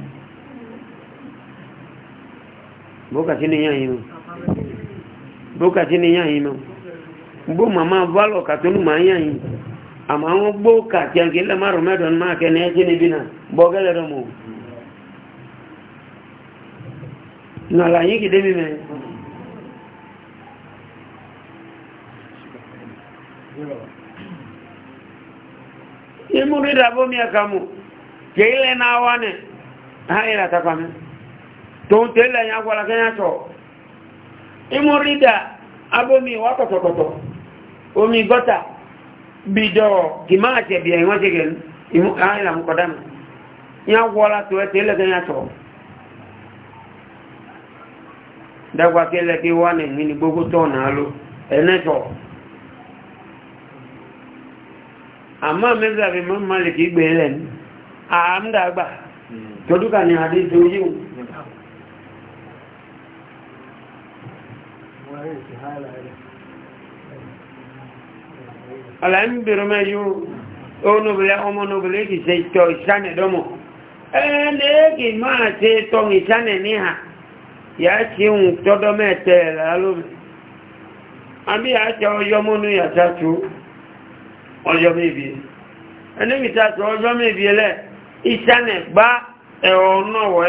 bókàtí ni yàn yìí bókàtí ni yàn yìí gbó màmá válọ̀ kàtónù máa yàn yìí àmà àwọn gbó kàtí àǹkì lẹ́mà rò mẹ́dọ̀n máa kẹ́ ní ẹjí níbi náà bọ́gẹ́lẹ̀ rẹ̀ mọ̀ nàlà yìí kìdé mi mẹ́ imú rí dàbó mi ẹ̀ka mọ̀ kìí lẹ́nà wá ní ha ìrà takwamẹ́ tó ń tẹ́lẹ̀ agbára kẹ́yà tọ̀ imú rídà abómi wà kọ̀tọ̀kọ̀tọ̀ omi gọ́ta bìdọ̀ kì máa tẹ̀bì ẹ̀wọ́n jẹ́gẹ̀ imú àmọ́ mẹ́sàbí mọ́ mọ́lẹ̀ gbé lẹ́nu àmdàgbà yíò ala ń bèrè mẹ́ yóò onóbìlẹ̀ ọmọ onóbìlẹ̀ kì ṣe tọ ìṣánẹ̀ dọ́mọ̀ ẹ̀ẹ́lẹ́gì máa ṣe tọ ìṣánẹ̀ níhà yà ṣe ń tọ́dọ́ mẹ́tẹ̀ lálóbi àbí bi ṣe ọjọ́ mọ́nú yàtà tó ọjọ́ mẹ́bi ẹnẹ́gìta tó ọjọ́ mẹ́bi lẹ́ ìṣánẹ̀ gbá ẹ̀rọ náà wọ̀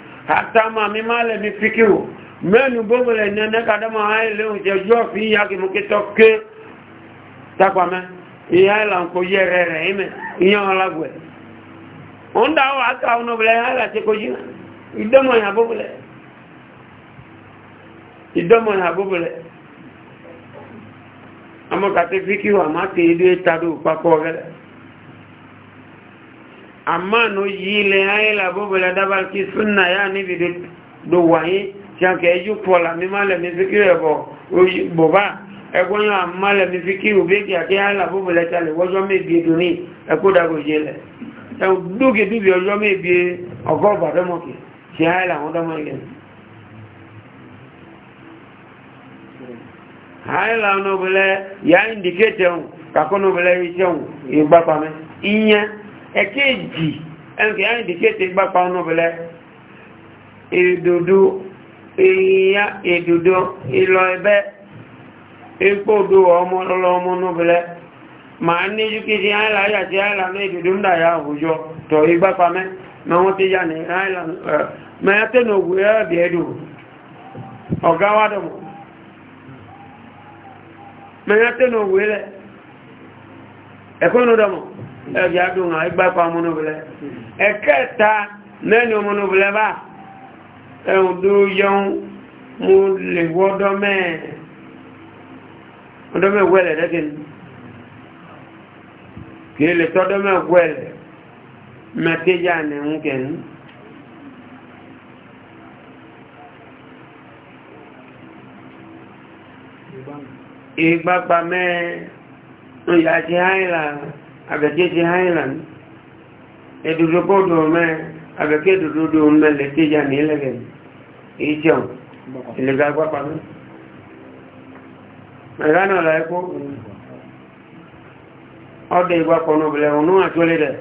hata mami male mifikiru menu bongo nene kadama hae leo jejua fi yake mukitoke takwa me iya la nko yerere ime iya lagwe onda wa aka uno bele ala te e ko jina idomo ya bobule idomo ya bobule amo kate fikiru amake pa etadu pakogele amma no yile ay la bobo la dabal ki sunna ya ni bi do wahi tian ke ju pola mi male mi fikire bo boba e ko yo amma le mi fikiru be ki ake ala bobo la tale wo jo me bi do ni e ko da go jele e do ke du bi jo me bi o ba do mo ki ti ay la won do mo ile ay la no bele ya indicate on ka ko no bele ise on igba pa me iyan ẹ̀kéèjì ẹnkẹ̀ yá ìdíkéètè gbápa ọ̀nà bẹ̀lẹ̀ èdòdó èyíyá èdòdó ìlọ ẹ̀bẹ́ ìpòdó ọmọ lọ́lọ ọmọ ọ̀nà bẹ̀lẹ̀ ma ń ní yúkìtì àìláyà tí àìlànà èdòdó ń àwùjọ tọ̀ ìgbápa mẹ́ ẹ̀kọ́ ẹ̀bí adùn àìgbàpá ọmọnúbìlẹ̀ ẹ̀kẹta mẹ́ni ọmọnúbìlẹ̀ bá ẹ̀hùn dúró yẹun mo lè wọ́ ọdọ́mẹ́wẹ́lẹ̀ lẹ́gẹ̀ẹ́ni kìí lè tọ́dọ́mẹ́wẹ́lẹ̀ mẹ́tẹ́jà nẹ̀hún kẹ́ni ìgbàpá mẹ́ ìyàjẹ́ àìlànà abẹ́kẹ́jẹ́ highland ẹ̀dùdókòdò ọmọ abẹ́kẹ́dùdódò ọmọ lẹ́kẹ́jà ní ẹlẹ́gẹ̀ ìjọun ìlẹ́gà pápá mi mẹ́ránà ọ̀la ẹ̀kọ́ ọdẹ ìgbà pọ̀nà obìnrin ọ̀nà àtúlẹ̀ rẹ̀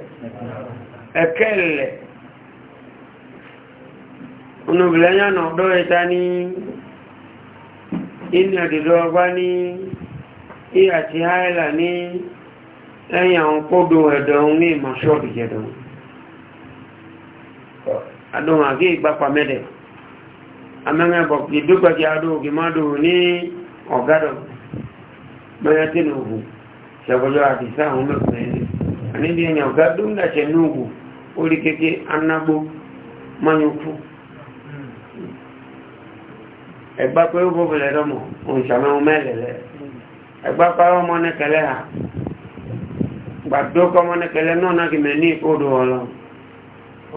ẹ̀kẹ́lẹ̀ ọ̀nà obìnrin yànnà ọ̀dọ́ ẹ̀ta ní inú ẹ̀dùdó ìhàtí highland ní ẹ̀yìn àwọn kódò ẹ̀dọ̀un ní ìmọ̀ ṣọ́ọ̀bù jẹ̀dọ̀un àgé ìgbàpá mẹ́dẹ̀ amẹ́rẹ́bọ̀ ìdúgbàjì adóhùn mádòhùn ní ọ̀gádọ̀ mẹ́rẹ́ tí ní ògùn ṣẹ̀gbọ́jọ́ àdìsá àwọn mẹ́kùnrin àníbi ọmọ gbàdó kọmọ ní kẹlẹ náà náà kìí ní ìkódò ọlọ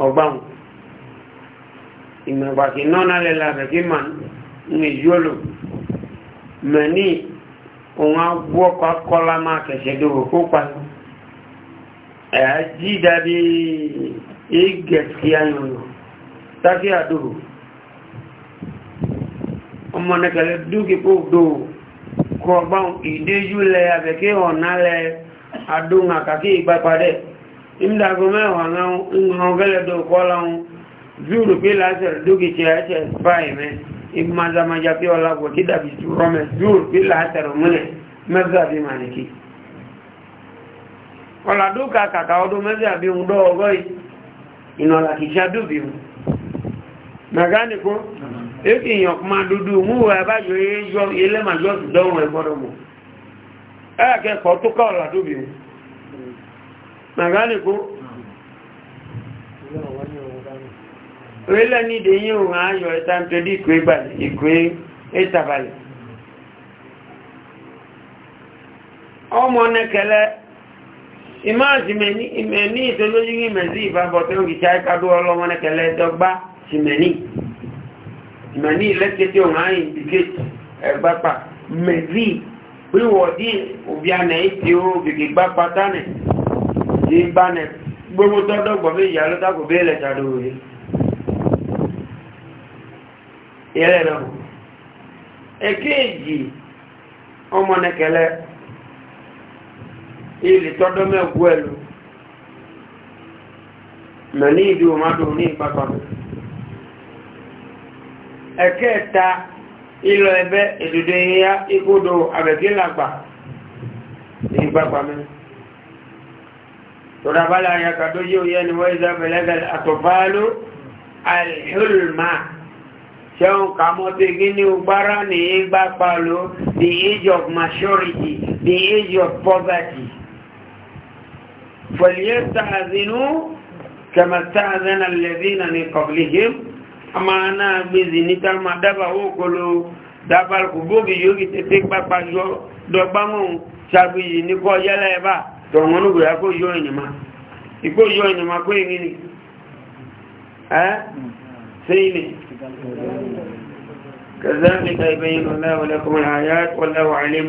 ọgbàmù ìmọ̀gbàkì náà náà lẹ́la àbẹ̀kí mà ní yólò mẹ ní òun agbó kọlá máa kẹsẹ̀ dòwò kó pa ẹ̀ jí dàbí ìgẹ̀sì ayọ̀lọ̀ tákì àdòwò ọmọ ní kẹlẹ dúkìkó dòwò kọ ìdéjú lẹ àbẹ̀kí ọ̀nà lẹ àdúnà kàkí ìgbàpadẹ ìmdàgó mẹ́wàá náà ìgbìmọ̀ gẹ́lẹ́dọ̀ kọ́lá ń zúrù pé láṣẹ̀ dókìtì ẹ̀ṣẹ̀ spy mẹ́ ìgbìmọ̀zàmájá pé ọlágbò tí dàbí rọmẹ̀ zúrù pé láṣẹ̀ rọmúlẹ̀ mẹ́zàbí màlìkì ọ̀làdókà kàkà ọdún mẹ́zàbí ń dọ́ ọgọ́ ìnàlà kìíṣà dóbi mu mẹ̀gáníkó èkìyàn kúmá dúdú mú wà báyọ̀ ilé màjọ́sù dọ́rùn ẹgbọ́dọ̀ mọ̀ ẹ́ẹ̀kẹ́kọ̀ọ́ tó kọ́ ọ̀là tóbi mẹ̀gáníkó orílẹ̀ ní ìdè yíò wọ́n ayọ̀ ẹta ń tẹ́lẹ̀ ìkó ìgbàlẹ̀ ìtàbàlẹ̀ ọmọ nẹ́kẹ̀lẹ́ ìmáàsìmẹ̀ní ìtọ́lójú ìmẹ̀sí ìbábọ̀tẹ́ òkìṣà ìkádó ọlọ́mọ nẹ́kẹ̀lẹ́ dọ́gbá sìmẹ̀ní ìmẹ̀ní ilẹ́kẹ́jọ́ wọ́n ayọ̀ ìdíkẹ́ ẹgbápa mẹ̀rí wíwọ̀dí òbí ànà ìtì ó gègé gbá pátánì tí gbánà gbogbo tọ́dọ̀gbọ̀ bí ìyá ló tákò bí ilẹ̀ tàdó rí ilẹ̀ náà èkéèjì ọmọ nẹkẹlẹ ilẹ̀ tọ́dọ̀ mẹ́gbú ẹ̀lú mẹ́ ní ní ìpapàmù ẹ̀kẹ́ta ìlọ ẹbẹ́ ìdòdó ìyá ikúdó àbẹ̀kílàgbà ìgbàgbà mẹ́ tọ́dábálà àyàkàdó yóò yẹ ni wọ́n ìzábẹ̀lẹ́gẹ̀ àtọ̀fáàlú alhulma ṣẹ́hùn kàmọ́tí gíní ugbára ní igbá pàlú the age of maturity the age of poverty فليستعذنوا كما استعذن الذين من قبلهم ama na gbezi níta ma dábàá owó kolo dábàá kò gbógi yóò kì tètè pápá yọ dọgbàmù ṣàgbéyì ní kọ yẹlẹ ẹ bá tọ̀wọ́n ní gbèrà kó yọ ìnìmá ìkó yọ ìnìmá kó èyí ni ẹ sẹ́yìn ni كذلك يبين الله لكم الآيات والله عليم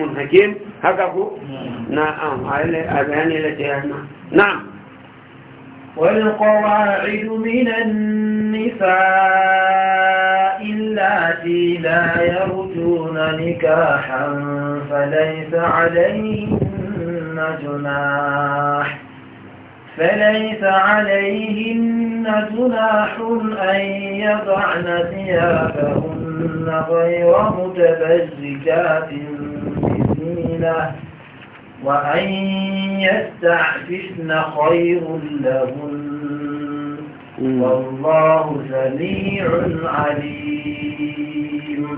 والقواعد من النساء اللاتي لا يرجون نكاحا فليس عليهن جناح فليس عليهن جناح أن يضعن ثيابهن غير متبرجات بزينه وأن يستعففن خير لهن والله سميع عليم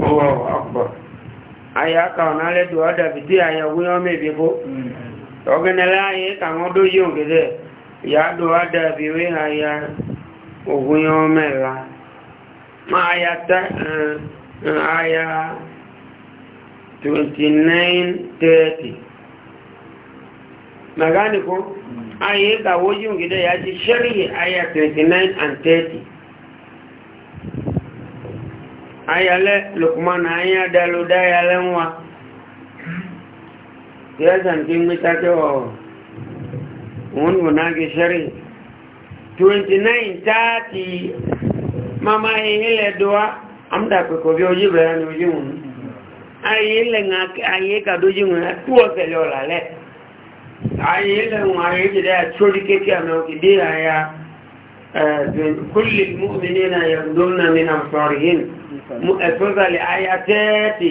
الله أكبر aya kan ale do ada biti aya wi o me bi bo ogene la ye kan o do yo gede ya do ada bi we aya o wi o me la ma aya ta aya 29:30 magani ko mm. ayi ah, ga wajin gida ya ce shari'i aya 29 and 30 ayale ah, lukman aya ah, daluda dayalen wa ya zankin mita kewa wani guna ke shari'i 29:30 mama ihe ledowa amda kwekwabi oji bayani oji wunu ayé lẹ́nà ayé kàdójú wọn tó ọ̀sẹ̀lẹ̀ ọ̀là lẹ́ ayé lẹ́wọ̀n ayé jẹ́dẹ́ àtórí kéèkéè àmì òkèdè àyà kúlè múmìnì na yàndónà ní àmsọ̀rìhìn ẹ̀fẹ́sàlẹ̀ ayà tẹ́ẹ̀tì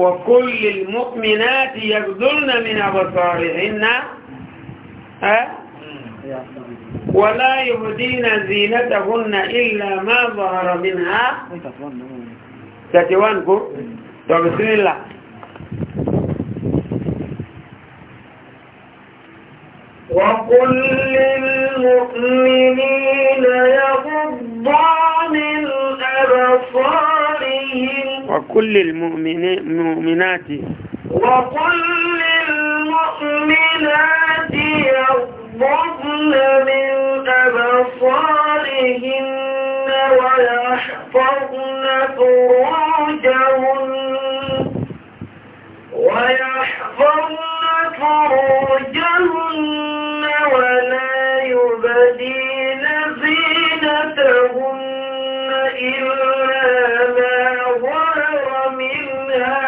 wọ kúlè múmìnà ti yàndónà ní àmsọ̀rìhìn na ولا يبدين زينتهن إلا ما ظهر منها تتوانكو dọ̀bísílà وقل للمؤمنين يغضوا من أبصارهم وقل للمؤمنات وقل للمؤمنات يغضوا يغضضن من أبصارهن ويحفظن فروجهن ويحفظن فروجهن ولا يبدين زينتهن إلا ما ظهر منها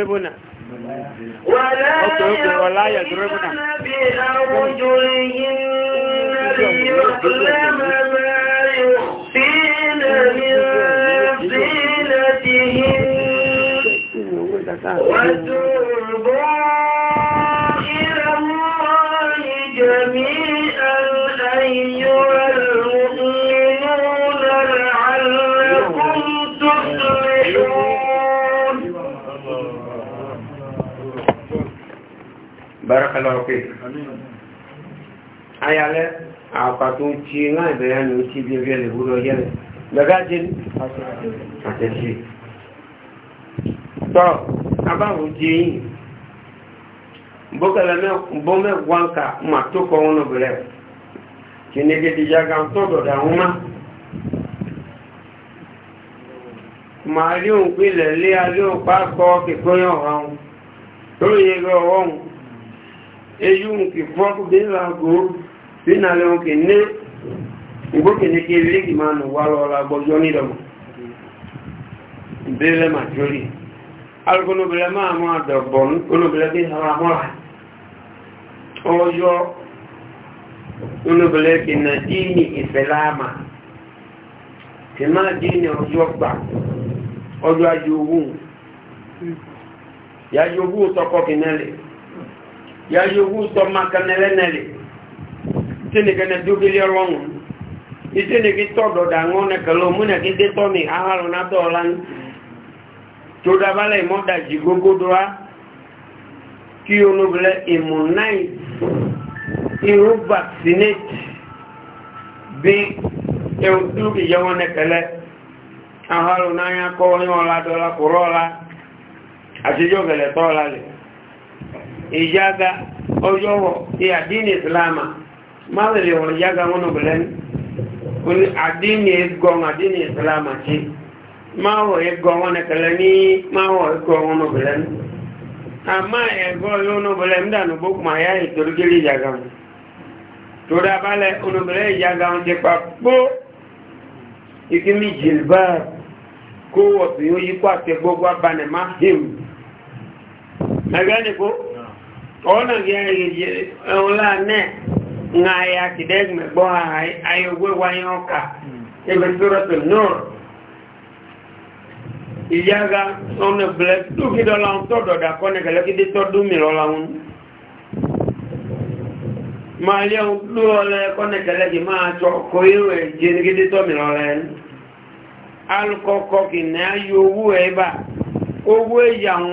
يضربنا ولا يضربنا بأرجلهن ليعلم ما يخفين من زينتهن وتوبوا إلى الله جميعا أيها ayalɛ akpato tsi ŋa ɛbɛ ya ni o tsi bi ɛfɛ lebu dɔ yɛlɛ gbɛga tsi atɛtsi tɔ abawo tsi yi bókɛlɛ mɛ bó mɛ guanka ma tó kɔ ŋɔnɔ bɛlɛ tsinegedi dzaga tɔ dɔda ŋuma màá rí òun pé lẹ́lẹ́ alẹ́ òun pa kọ́ kékeré ọ̀hán tó yẹ eyún kì fọ́kù bí lágó bí nàlẹ́ wọn kì ní ìgbókè ní kí ilé kì máa nù wá lọ lágbọ́jọ́ nídọ̀mọ̀ ìbílẹ̀ màjórì alùpùpù olóbìnrin máa mú àdọ̀bọ̀ olóbìnrin bí ara mọ́ra ọjọ́ olóbìnrin kì nà díìnì ìfẹ̀láàmà kì máa díìnì ọjọ́ gbà ọjọ́ ajé owó yájú owó tọkọ kì náà lè ya yowu tɔma kanɛlɛ nɛli tini kɛnɛ dubili ɔlɔŋu itini ki tɔ dɔ da ŋɔ nɛ kɛlɛ omu nɛ ki de tɔ mi ahalu na tɔ la ŋu tso daba lɛ imɔ da dzi gogo do wa ki yonu bilɛ imu nai iru vaccinate bi ewu ki yɛwɔ nɛ kɛlɛ ahalu na ya kɔ yɔ la dɔ la korɔ la ati gɛlɛ tɔ la li. ìyága tí àdínì ìsìláàmà máa lè wọ̀n ìyága wọn bẹ̀rẹ̀ ní àdínì gọ́n àdínì ìsìláàmà tí máa wọ̀ ẹgọ́ wọn ẹ̀kẹ̀lẹ̀ ní máa wọ̀ ẹgọ́ wọn bẹ̀rẹ̀ ní àmá ẹ̀gọ́ yóò bẹ̀rẹ̀ ní dànù máa yá ìyága wọn ìyága wọn ti pa ìkíní ọ̀nà gẹ́gẹ́ ọ̀la náà nga ya kìdẹ́gbẹ̀ gbọ́ ayogwe wáyé ọkà ẹgbẹ̀ hmm. sọ́rọ̀tọ̀ náà ìyága ọ̀nà bẹ̀rẹ̀ tókìdọ́la ń tọ́dọ̀dà kọ́ ní kẹlẹ́kìdé tọ́dún mìíràn wọn máa lé ohun tó ọlẹ́ kọ́ ní kẹlẹ́kì máa tọ kó irú ẹ̀ jẹ́ ní kídé owó ẹ̀ bá owó ẹ̀yà wọn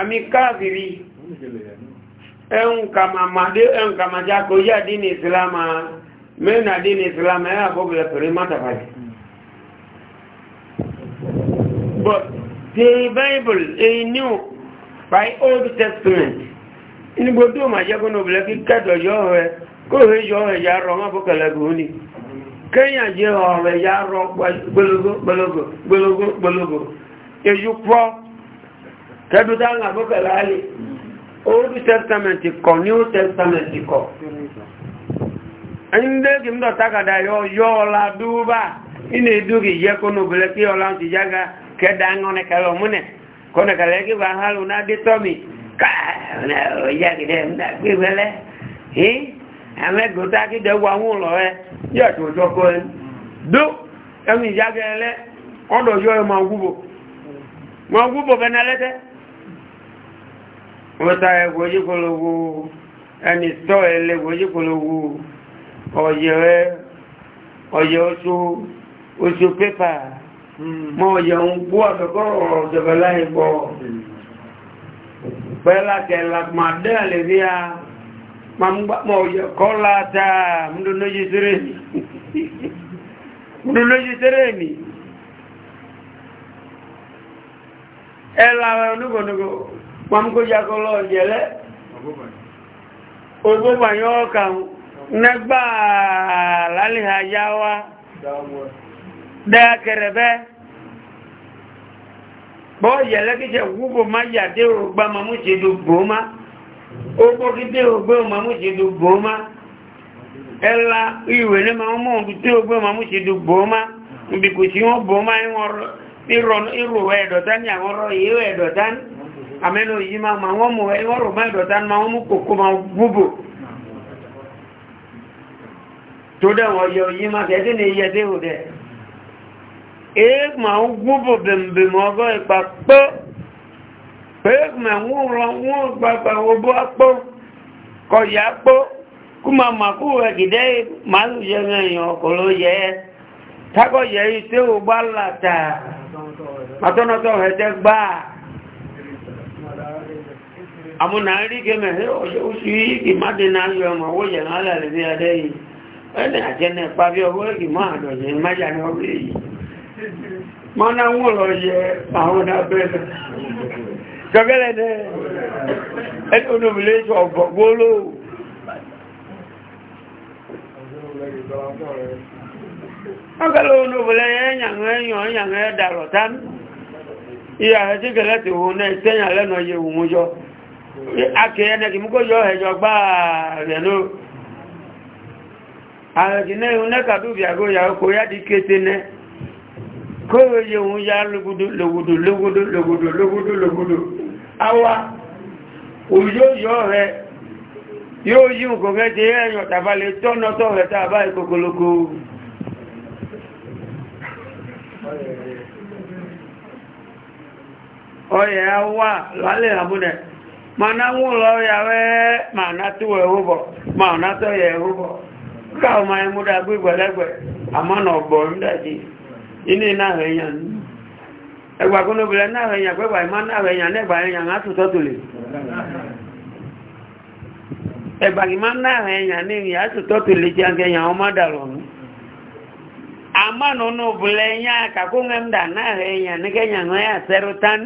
àmì káàkiri ẹ̀hùn kàmàjá ya yá dín ní ìsìlámà mẹ́rin àdín ní ìsìlámà ẹ̀ àbọ̀bẹ̀lẹ̀ pẹ̀lú mátàfàì but the bible a new by old testament ní gbogbo ma jẹ́ kún obìnrin ka kẹ́tọ̀ yọ ọ̀rẹ́ kó rẹ̀ yọ ọ̀rẹ́ ya rọ ọmọ ya tẹ́dù dáhùn àgbọ́fẹ̀ láàrín old testament kọ new testament kọ ẹni méjì ń dọ̀tákàdá yọ yọ ọlá dúbà inú ìdúrì yẹ kó nùbẹ̀lẹ̀ kí ọlá ti jága kẹ́dà ń ọ̀nà kẹlẹ̀ ọ̀múnẹ̀ kẹlẹ̀ kí bá tọ́mì káà ọ̀dọ̀ yọ bẹ́ẹ̀ mọ́ta ẹgbẹ́ ojúkọlówó ẹni tọ́ ẹlẹ́gbẹ́ ojúkọlówó ọ̀yẹ̀ rẹ ọ̀yẹ̀ oṣù oṣù pépà hmm. mọ́ ọ̀yẹ̀ ń gbọ́ ọ̀dọ̀kọ́rọ̀ ọ̀dọ̀bẹ̀ láì bọ̀ pẹ́lá kẹlá màdẹ́ àlèríà mọ́ ọ̀yẹ̀ kọ́lá táà múdúnlójú tẹ́rẹ̀ mi ẹlà onígbònígbò pamkójakọlọ ọ̀jẹ̀lẹ́ ogbógbàyán ọkà nẹgbà lálìhàjá wá dẹ́ẹ̀kẹrẹ̀bẹ́ bọ́ọ̀jẹ̀lẹ́ kíṣẹ̀ gbogbo má yàdé ògbà mamú ṣe dùgbò má ṣe dùgbò má ẹlá ìwé ní mamú mọ́ ògbé ògbé mamú ṣe dùgbò má ìbìkù sí wọ́n bò má ìrọ̀ ẹ̀dọ̀tán ni àwọn ọ̀rọ̀ àmẹ́lò yìí máa ma wọ́n mú ẹwọ́rọ̀ máa ìdọ̀ta ma wọ́n mú kòkó ma gúbò tó dẹ̀wọ̀ yọ yìí máa kẹ́ẹ̀dẹ́ ní iye dé ò dẹ̀ èé ma ń gúbò bẹ̀m̀bẹ̀m ọgọ́ ìpa pọ́ èé ma ń rọ wọ́n gbàgbà obó apó kọ̀yà apó kú ma mà kú rẹ̀ kìdẹ́ gbáà amúnarí kẹmẹ̀ oṣù ìmádìnà ayọ̀ ya owó yẹ̀ náà lẹ́lẹ́ bí adé yìí bí ọwọ́ ìmọ̀ àdọ̀jẹ̀ májà ní ọgbẹ̀ yìí mọ́ náà wọ́n ya yẹ àwọn ya ya akẹ́ ẹnẹ́kì mú kó yọ ẹ̀yọ gbá rẹ̀ ló àrẹ̀kì náà ìhun nẹ́kà tó bìàgó yà kó yá di kéte nẹ́ kó yẹ òun yá lógúdó awa òjò yọ rẹ̀ yóò yí nǹkan ẹ̀yọ̀ tàbálẹ̀ rẹ̀ tàbá ọ̀yẹ̀ mana nwụlọ ya wee ma nata uwe ụbọ ma ọ nata ya ụbọ ka ụmanye mụda bụ igwelegwe ama na ọgbọ ndaji ịna ịnahụ ịnya egwagonobele nahụ ịnya kwegba ịma nahụ ịnya na egba ịnya ha tụtọ tụli egba ịma nahụ ịnya na ịnya atụtọ tụli ji nke ịnya ọma dara ọnụ ama na ọnụ obule ịnya ka kụ nwe m da nahụ ịnya na ịnya ya serụtan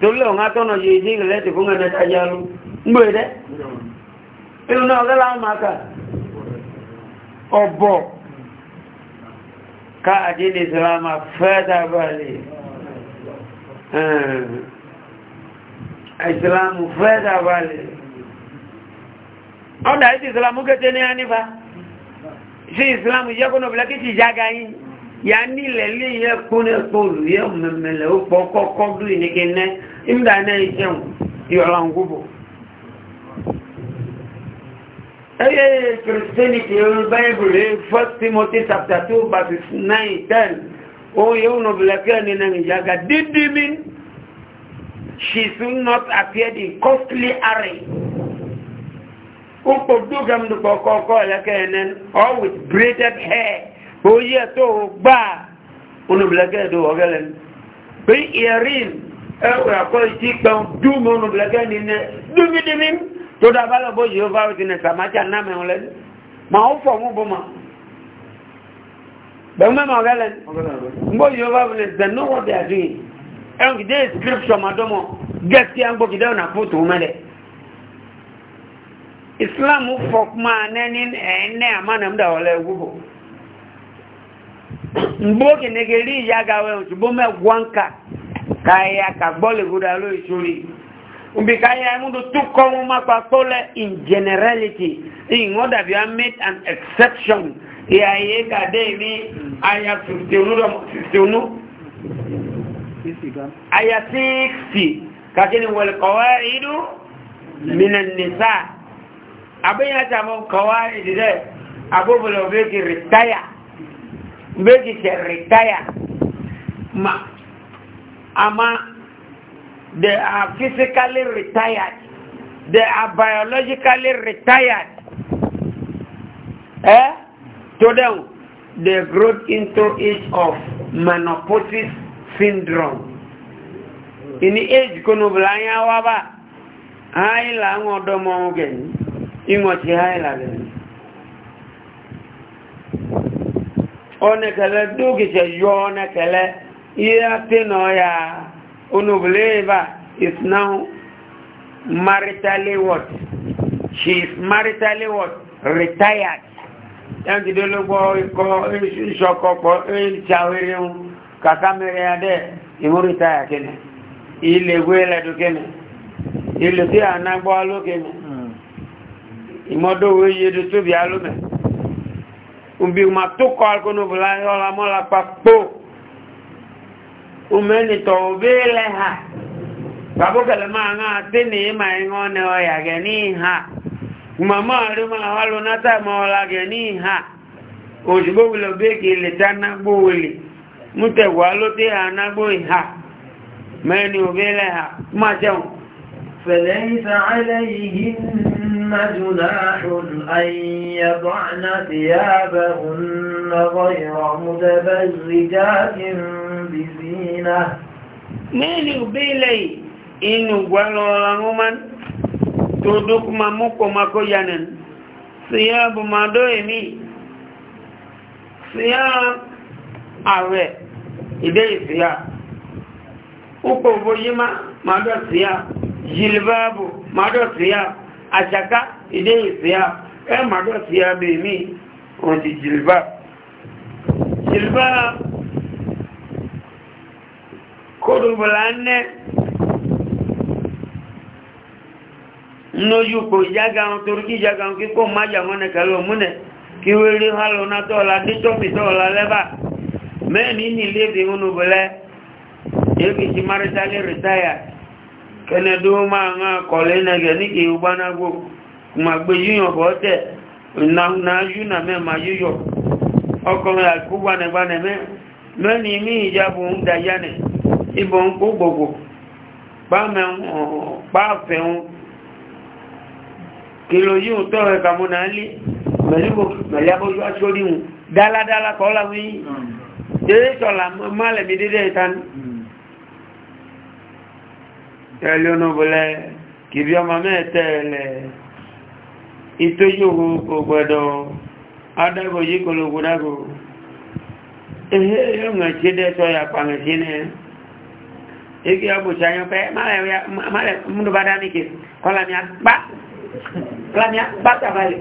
torí lẹ́wọ̀n á tọ́nà yìí ní ìrìnlẹ̀ tí fún ẹ̀nẹ́ta yálú gbé dẹ́ inú náà ọ̀lẹ́lá maka ọ̀bọ̀ káàdì ní ìsìlámà fẹ́ẹ̀dà balẹ̀ ìsìlámù fẹ́ẹ̀dà balẹ̀ ọ̀dà ìsìlámù kéte ní ànífà sí ìsìlámù yẹ́kùnà ti ya ni lé yẹ kúnlẹ̀kọ́ olùyẹ mẹ́mẹ́lẹ̀ ó pọ̀ kọ́kọ́ dún ìníkẹ́ nẹ́ ìmúdà náà ìṣẹ́hùn ìrọ̀lá ń gúbò ẹyẹ christianity orí bible eh, first timothy chapter two verse nine ten ohun yóò nù bìlẹ̀kẹ́ ní Did you mean she soon not appeared in costly array ó pọ̀ dúgàmdùpọ̀ kọ́kọ́ koko ẹ̀ nẹ́nu all with braided hair. oyè tó gbà onubilẹ̀kẹ́ do ọ̀gẹ́lẹ̀ pé ìrìn ẹ̀rọ àkọ́ ìtì pẹ̀lú dùmọ̀ onubilẹ̀kẹ́ ni nẹ to tó dábàá lọ bó yóò bá ti nẹ sàmájà náà mẹ́wọ̀n lẹ́nu mà ó fọ̀ mú ma mà bẹ̀rù mẹ́mọ̀ ọ̀gẹ́lẹ̀ nbó yóò bá ti nẹ sẹ̀nú wọ́n ti àdúyìn ẹ̀rùn kìdé ìsìkírìpṣọ̀ màdọ́mọ̀ gẹ̀ẹ́sì mboke negeli yaga we chubome gwanka kaya kagbole gudalo ichuri umbi kaya mundu tuko muma kwa pole in generality in order we have an exception ya yeka demi aya 51 51 aya 60 kakini wal qawaidu minan nisa abin ya tabo qawaid de abubul obeki retire méjì ṣe retire ma ama they are physically retired they are biologically retired eh to them they grow into age of menopause syndrome ìní age kunu bìláyà waba, bá àìlà àwọn ọ̀dọ́mọ ọ̀gẹ̀ ní ìwọ̀n ti àìlà rẹ̀ onekele dukise yɔ onekele iya tenɔ ya unu ba is now maritally what she is maritally what retired yanti dolo gbɔ ikɔ nsɔkɔ kpɔ nsawere ŋu kaka mere ya dɛ imu retire kene ilegwe lɛ do kene ileke anagbɔ alo kene hmm. imɔdowo yedo tobi alo mɛ umbi umatuko alkono fulani wala mola papo umeni tobele ha babu kalama nga tini ma ngone o ya geni ha mama ruma walo nata mola geni ha ojibo bulo beki le tana buli mute walo te anagbo ha meni obele ha ma jeun فليس عليهم جناح أن يضعن ثيابهن غير متبرجات بزينة meli ubile inu gwalo languman tuduk mamuko makoyanen siyabu madoe mi siyab awe ide siyab uko boyima mado siyab jilbabu mado siyab àṣàká ìdé ìsìyà ẹ màdọ́ sí abẹ́ mi wọ́n ti jìlbá jìlbá kódùbọ̀lá nẹ́ nójú kò jágan torí kí jágan kíkó májà mọ́nẹ̀ kẹlọ múnẹ̀ kí wérí hálóná tọ́ọ̀lá dítọ́mì tọ́ọ̀lá lẹ́bà mẹ́rin nílé ìbí húnubọ̀lẹ́ èkìtì márísálẹ̀ rìtáyà kẹnẹdó máa ń kọ̀lẹ́ nẹgẹ̀ ní kí o bá nágbó màgbé yíyàn bọ́ tẹ̀ náyúnà mẹ́ma yíyọ ọkùnrin àkúgbànẹ̀gbànẹ̀ mẹ́ni mí ìjábò ń dayánẹ̀ ibò ń kó gbogbo pàfẹ́hún kìlò yíò tọ́rẹ kàmú náà lé mẹ̀lẹ́bọ́jú aṣóríhun dáládára kọ́ láwí yìí ẹ̀lẹ́ onúbọ̀lẹ́ kìbí ọmọ mẹ́ẹ̀tẹ́ ẹ̀lẹ́ ìtójú ògbọ̀dọ̀ adágò yí kòlòkò dágò ehe yọ̀ngàn tí dẹ́tọ̀ yà pàmì sí ní igi ọgbùsà yọ pé mọ́lẹ̀ múnubá dáníkì kọ́lá mi àpá kọ́lá mi àpá tàbálẹ̀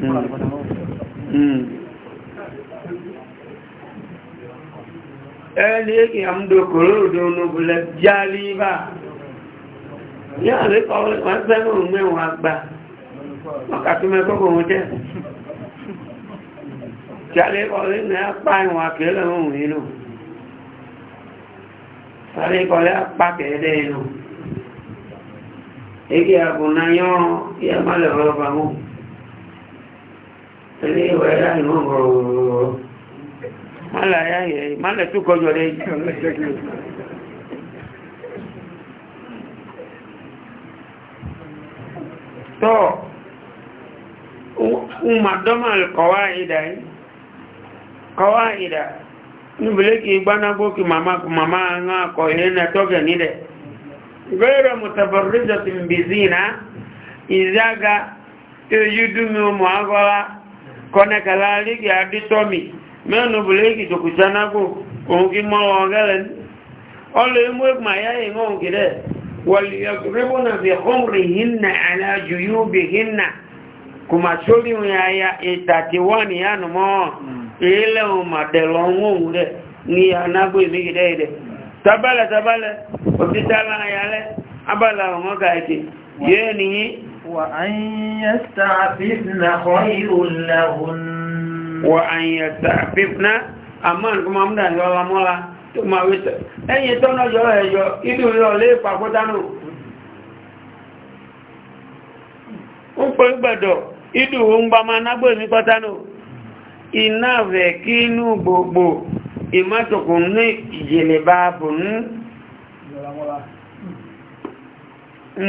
hmm. Hmm. ẹni èkì àmúdòkòrò òdò onúbulẹ̀ jálí bá ní àlékọ́ wọ́n sẹ́nu mẹ́wọ̀n àgbà ọkàtí mẹ́kọ́kọ́ wọn jẹ́ jálí kọ́lé ní apá ìwọ̀n àkẹ́lẹ̀ ohun inú sáré kọ́lé apá kẹ́ẹ̀dẹ́ inú èkì àbùnà yán yẹ́ má lẹ̀rọ̀ ọba mú mọ́lá ayá yẹ mọ́lẹ̀ tó kọjọ rẹ̀ tọ́ umadọ́mà kọwa ìdá yìí kọwa ìdá níbílẹ̀ kí gbánagbó kí màmá kù màmá àwọn akọ̀ ilẹ̀ na tọ́gẹ̀ nílẹ̀ gẹ́rọ mutabarriza ti bìzí na ìzága èyí dúnmí ọmọ agọ́lá kọ́nẹ̀kàlá rí mẹ́nu bùlẹ̀ èkì tòkù sánágò òun kí mọ́ wọn gẹ́lẹ̀ ní ọlọ imú ẹgbùn àyá ìwọ̀n òun kì rẹ̀ wọ̀lẹ̀yẹ̀kùnrẹ́bùn náà fi ọmọrì hìnnà a yóò bè hìnnà kò mà sórí wọn àyà ìtàtí wà ní mọ́ ilẹ̀ òun mà dẹ̀lọ ohun rẹ̀ ní anágò ìmíkì dẹ́ tabalẹ̀ tabalẹ̀ òtítà abala ọmọ nìyí. wà á yẹ wa an yastafifna aman kuma mda ni wala mola to ma wita enye to no yo yo idu lo le pa ko danu un pe gbado idu un ba ma na gbo mi ko danu ina ve kinu gbogbo imato ko ni ijele ba bun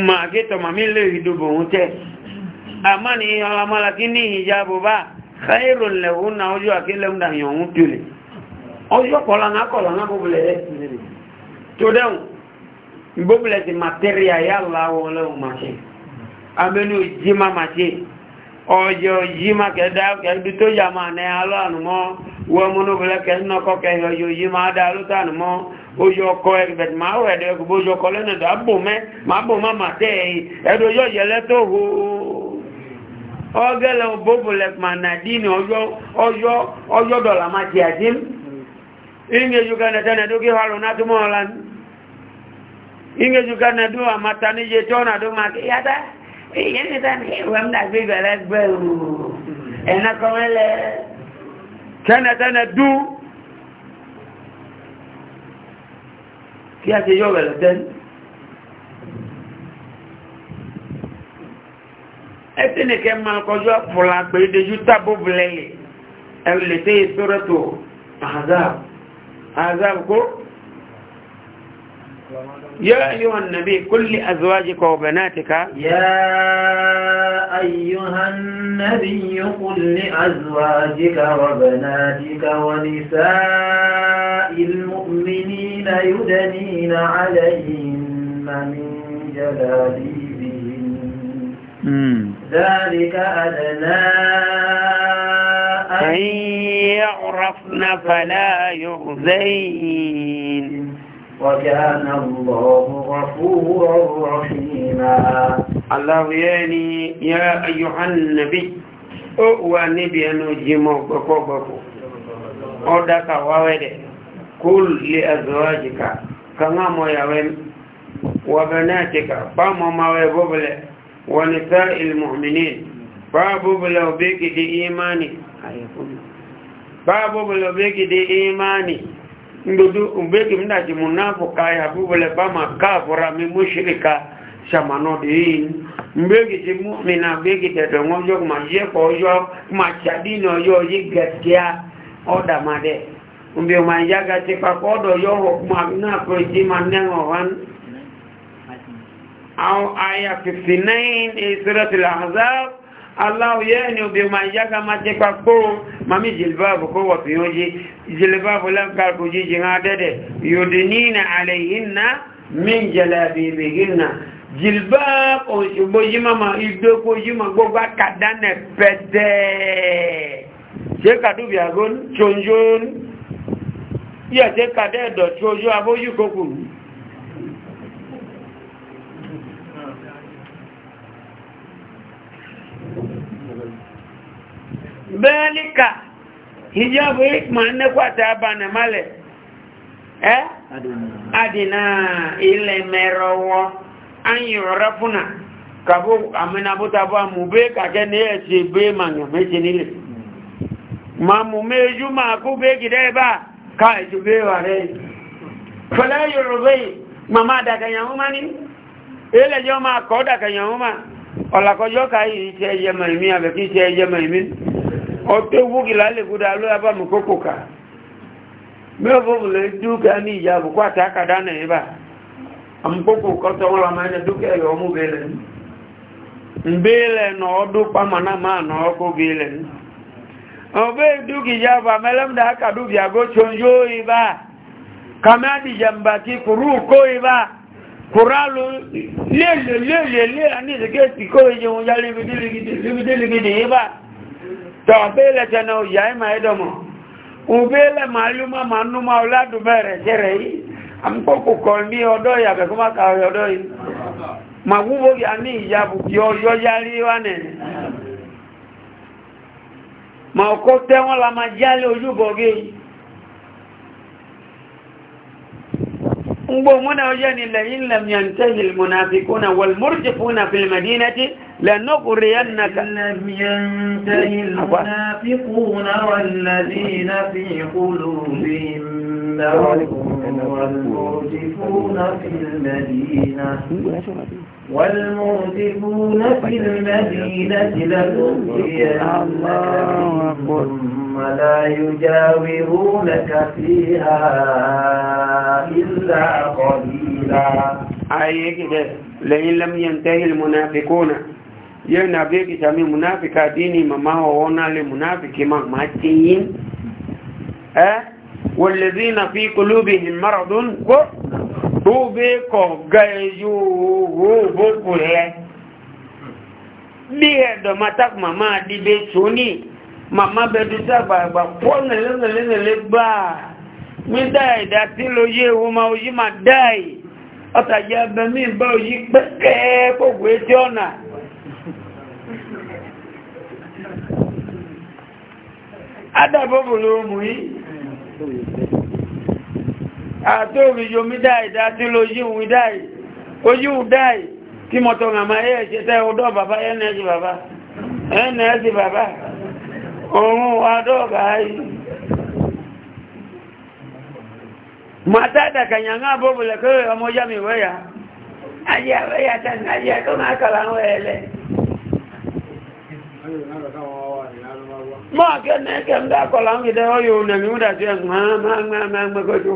ma ke to ma mi le idu bun te amani wala mola kini hijabu ba xayiro lẹwu na ọjọ akele mu na yọ̀hún tole ọjọ kọla na kọla na bó bilẹ̀ ẹ̀ tó dẹ́wọ̀n bó bilẹ̀ ti matẹ́rìà yàrá wọlé o ma ṣe amẹ́nu jimá ma ṣe ọjọ jimá kẹdá kẹdú tó yà máa nẹ alọ́ ànumọ́ wọ́múnú bilẹ̀ kẹ́nọ́kọ́ kẹyọ ọjọ jimá dá alọ́ tó ànumọ́ ojú ọkọ ẹgbẹ̀t máa wẹ̀ ẹ̀dẹ̀ ojú ọkọ lẹ́nu ẹ̀dọ̀ abòmẹ́ máa bò má mà tẹ́ ẹ̀yìn ẹ̀dọ̀ yọ̀ yẹlẹ́ tó hoo. na ọgẹ́lẹ̀ òbóbòlẹ̀pà nàdínì ọjọ́ dọ̀là máa ti àjí na nẹ̀tẹ́nẹ̀ dókè na lọ náà túnmọ́ ọ̀la ingejuka nẹ̀dú àmàta níye tí ọ̀nà tó máa kíyàtá èyí nìta ní ìwẹ̀m dàgbé ìgbẹ̀rẹ̀ gbẹ̀ ẹ̀nà ooo kẹ́nẹ̀tẹ́nẹ̀ dú kí a ti yọ bẹ̀rẹ̀ tẹ́lẹ̀ ẹtìní kẹ máa kọjú àpòlà àgbèdéjú tábò bìlẹ̀lì ẹlẹ́tẹ́ ìsọ́rẹ́tò azab azab kó يا أيها النبي كل أزواجك وبناتك يا أيها النبي قل لأزواجك وبناتك ونساء المؤمنين يدنين عليهم من جلالين ذلك أدنى أن يعرفن فلا يؤذين وكان الله غفورا رحيما الله يعني يا أيها النبي أقوى نبي أنه جمع بكوبكو أودك ووري كل لأزواجك كما مو يوين وبناتك فما ما يبوبلك ونساء المؤمنين باب بلو بيك دي إيماني باب بلو بيك دي إيماني ndudu mbeki mna jimunafika ya bubule bama kafura mi shamano mbeki mu'mina mbeki ma je ko yo chadino yi oda made mbe kodo na ko ji wan àwọn àyà 59 ìsìrẹ́tì làzáàbù aláwọ̀ yẹ́ ni obì ma yága ma ti pa kó mami jìlbáàbù kó wọ̀ fi yóò jí jìlbáàbù lẹ́gbàkù jíjì rán dẹ́dẹ̀ yóò dì ní ìnà àlẹ́ yìí ná min jẹ́lẹ̀ àbìbì yìí ná bẹ́ẹ̀líkà hijabu ikma nnekwata abana male eh adina ile merowo an yọrọ funa kabo aminabuta bọ amube kake ne ẹsẹ gbe manya meje nile ma mu meju ma ku be gida ba ka eju be wa re fẹlẹ yorùbá yìí mama dàkẹyàwó ma ni ilẹ̀ jọ ma kọ́ dàkẹyàwó ma ọ̀làkọjọ́ ka yìí ṣe ẹyẹ mọ̀ abe ki ṣe ẹyẹ mọ̀ ìmí ọtọ́ ìwúgi lálẹ́ gúdà ló yà bá mi kókò ká mẹ́fọ́fọ́lẹ́ dúkà ní ìyá àbùkù àti àkàdá náà yìí bá àmukókò kọ́tọ́ wọn làmà ẹni dúkà ẹ̀yọ́ ọmú bẹ́ẹ̀lẹ̀ nbẹ́ẹ̀lẹ̀ nà ọdún pàmò náà máa nà ọkọ̀ bẹ́ẹ̀lẹ̀ ọbẹ̀ dúkì ìyá àbà mẹ́lẹ́mdà àkàdúbì àgọ́tsọ yóò yìí bá kàmáàdì jàmbàtì kùrú kó yìí bá kùrálù léèlè léèlè léèlè àní ìsèké ìsìkó ìjẹun yá lébìdélégidè yìí bá tọ̀bẹ́lẹ̀ tẹ̀nà òyà ìmà ẹ̀dọ̀mọ̀ òbẹ́lẹ̀ máa yú máa máa nú máa ládùmẹ́rẹ̀ jẹ́rẹ̀ yìí àmúkòkò kan ní ọdọ́ ìyàbẹ̀ kó má kàwé ọdọ́ yìí ma wúwo yà مبومنا وجاني لئن لم ينتهي المنافقون والمرجفون في المدينة لنغرينك لم ينتهي المنافقون والذين في قلوبهم مرض والمرجفون في المدينة والمرتفون في المدينة لتغفي الله ثم لا يجاورونك فيها إلا قليلا أي كده لئن لم ينتهي المنافقون ينا نبي سامي منافقا ديني ما هو هنا لمنافق ما ماتين أه والذين في قلوبهم مرض bóbe kọ gaye yóò wó bókù lẹ bí ẹdọ mata mama dìde sóní mama bẹ dùsẹ àgbàgbà pọ nẹlẹnẹlẹnẹlẹ gbà mi dáì dàtí lóye ewu ma oyi ma dáì ọtàjà abẹ mi bá oyi pẹkẹ kókò etí ọ̀nà. adàbọ̀ bò ló mú yìí. àti òmìjò mi dáì dáti ló yíwù dáì ó yíwù dáì kí mọ́tọ̀ àmà ẹ̀ ṣe tẹ́ ọdọ́ bàbá ẹnẹ́sì bàbá ẹnẹ́sì bàbá òun adọ́gà ayé mátàdà kànyàngá bóbulẹ̀ kí ọmọ mi wẹ́yà ayé àwẹ́yà ń wẹ́ẹ̀lẹ́ ń dá ọyọ̀ òun nẹ̀mí múdàtí ẹ̀sùn máa ń gbẹ́kọ́jú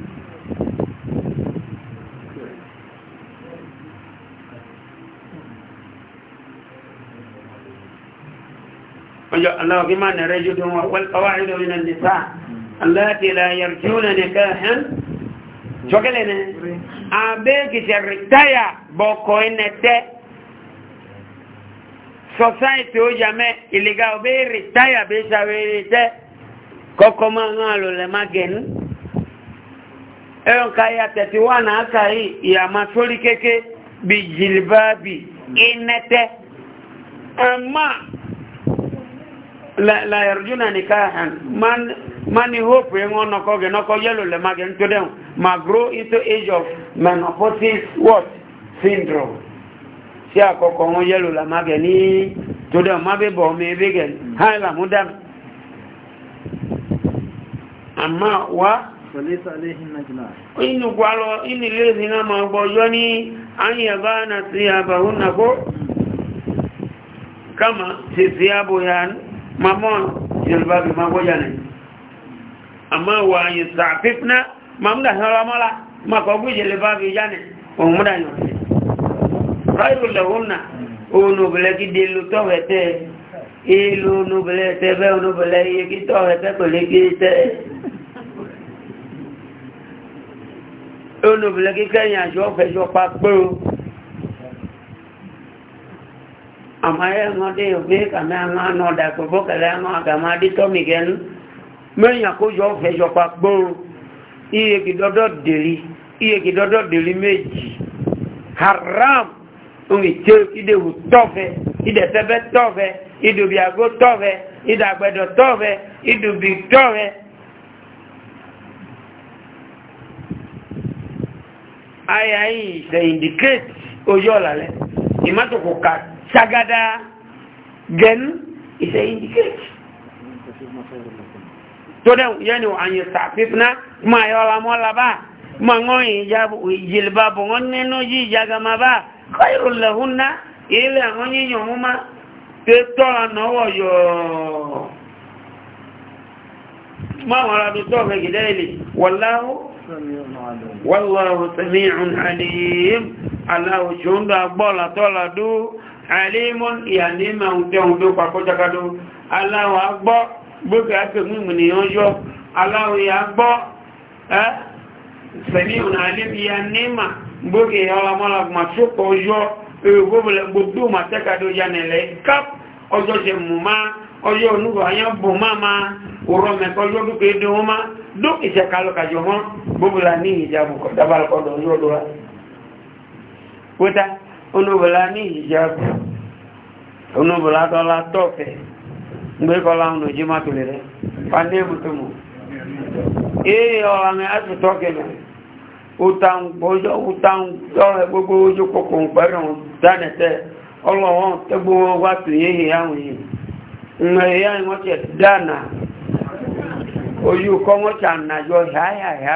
الله بما رجل والقواعد من النساء اللاتي لا يرجون نكاحا شكلنا أبيك شرطايا بوكوينتي society o jamẹ ìlẹgà ọbẹ rìtáyà bẹ ṣàwẹrẹ tẹ kọkọ máa ń hàn lọlẹ má gẹnu ẹrùn káyà tẹtí wà náà káyì ìyàmà sórí kéke bí jìlìbáàbì ìnẹtẹ ẹ máa la la yarjuna nikahan man man hope en ono ko ge no ko yelo le mage nto dem ma grow into age of menopausal what syndrome si akoko won yelo la mage ni to dem ma be bo me be ge ha la mudam amma wa falisa alayhi najna inu gwalo ini le zina ma bo yoni an yabana siyabahunna ko kama siyabu yan mamon yalba bi ma goya ne amma wa yastafifna mamda haramala ma ko guje yalba bi jane o muda yo khairu lahunna onu bele ki delu to wete ilu nu bele te be onu bele ye ki to wete ko le ki te onu bele ki kenya jo fe jo pa pe amaye ngode yobe kama nga no da ko bo kala nga kama di to migen menya ko jo fe jo pa gbo iye ki dodo deli iye ki dodo deli meji haram ngi che ide wu tofe ide tebe tofe idu bi ago tofe ida agbedo tofe idu bi tofe aya yi se indicate ojo lale imatoko ka sagada gen is a indicate to dan yani wa an yastafifna ma yola mola ba ma ngoyi jabu jilba bo ngonne no ji jaga ma ba khairul lahunna ila ngonyi nyomuma te tola no wo yo ma wala do to ke gideli wallahu wallahu sami'un alim allah junda bola la du alimun ìyàní ma ń tẹ́hùn tó pàkọ́ jákàdó aláwọ̀ agbọ́ gbókè ápẹ̀kún ìmìnìyàn yọ aláwọ̀ ìyàgbọ́ ẹ́ sẹ̀mí ìrìnàlẹ́ ìyàní ma gbókè ọlọmọlọgbọ̀n tó pọ̀ yọ gbogbo ma tẹ́kàdó yanẹ̀lẹ̀ káp ọjọ́ ṣe mú ma ọjọ́ onúgbọ̀ ayán bù má ma òrọ̀ mẹ́kọ́ yọ dúkẹ́ dé wọn ma dókè ìṣẹ̀kálọ̀kàjọ̀ mọ́ gbogbo la ní ìjà ni ní ìjábù onúbọ̀lá dọ́lá tọ́ọ̀fẹ́ mgbe kọ́lá ọ̀nà jí má tòlè rẹ̀ pàdé mùtùmù èyí ọ̀rọ̀ àti tọ́kẹ̀lẹ̀ utàǹgbọ́ gbogbo ojú kòkò pẹ̀rùn dánẹ̀tẹ́ ọlọ́wọ́n tẹ́ gbogbo wá tù yéhì ya yìí mgbe ya ni wọ́n tẹ̀ dánà ojú kọ́ wọ́n ya ya ya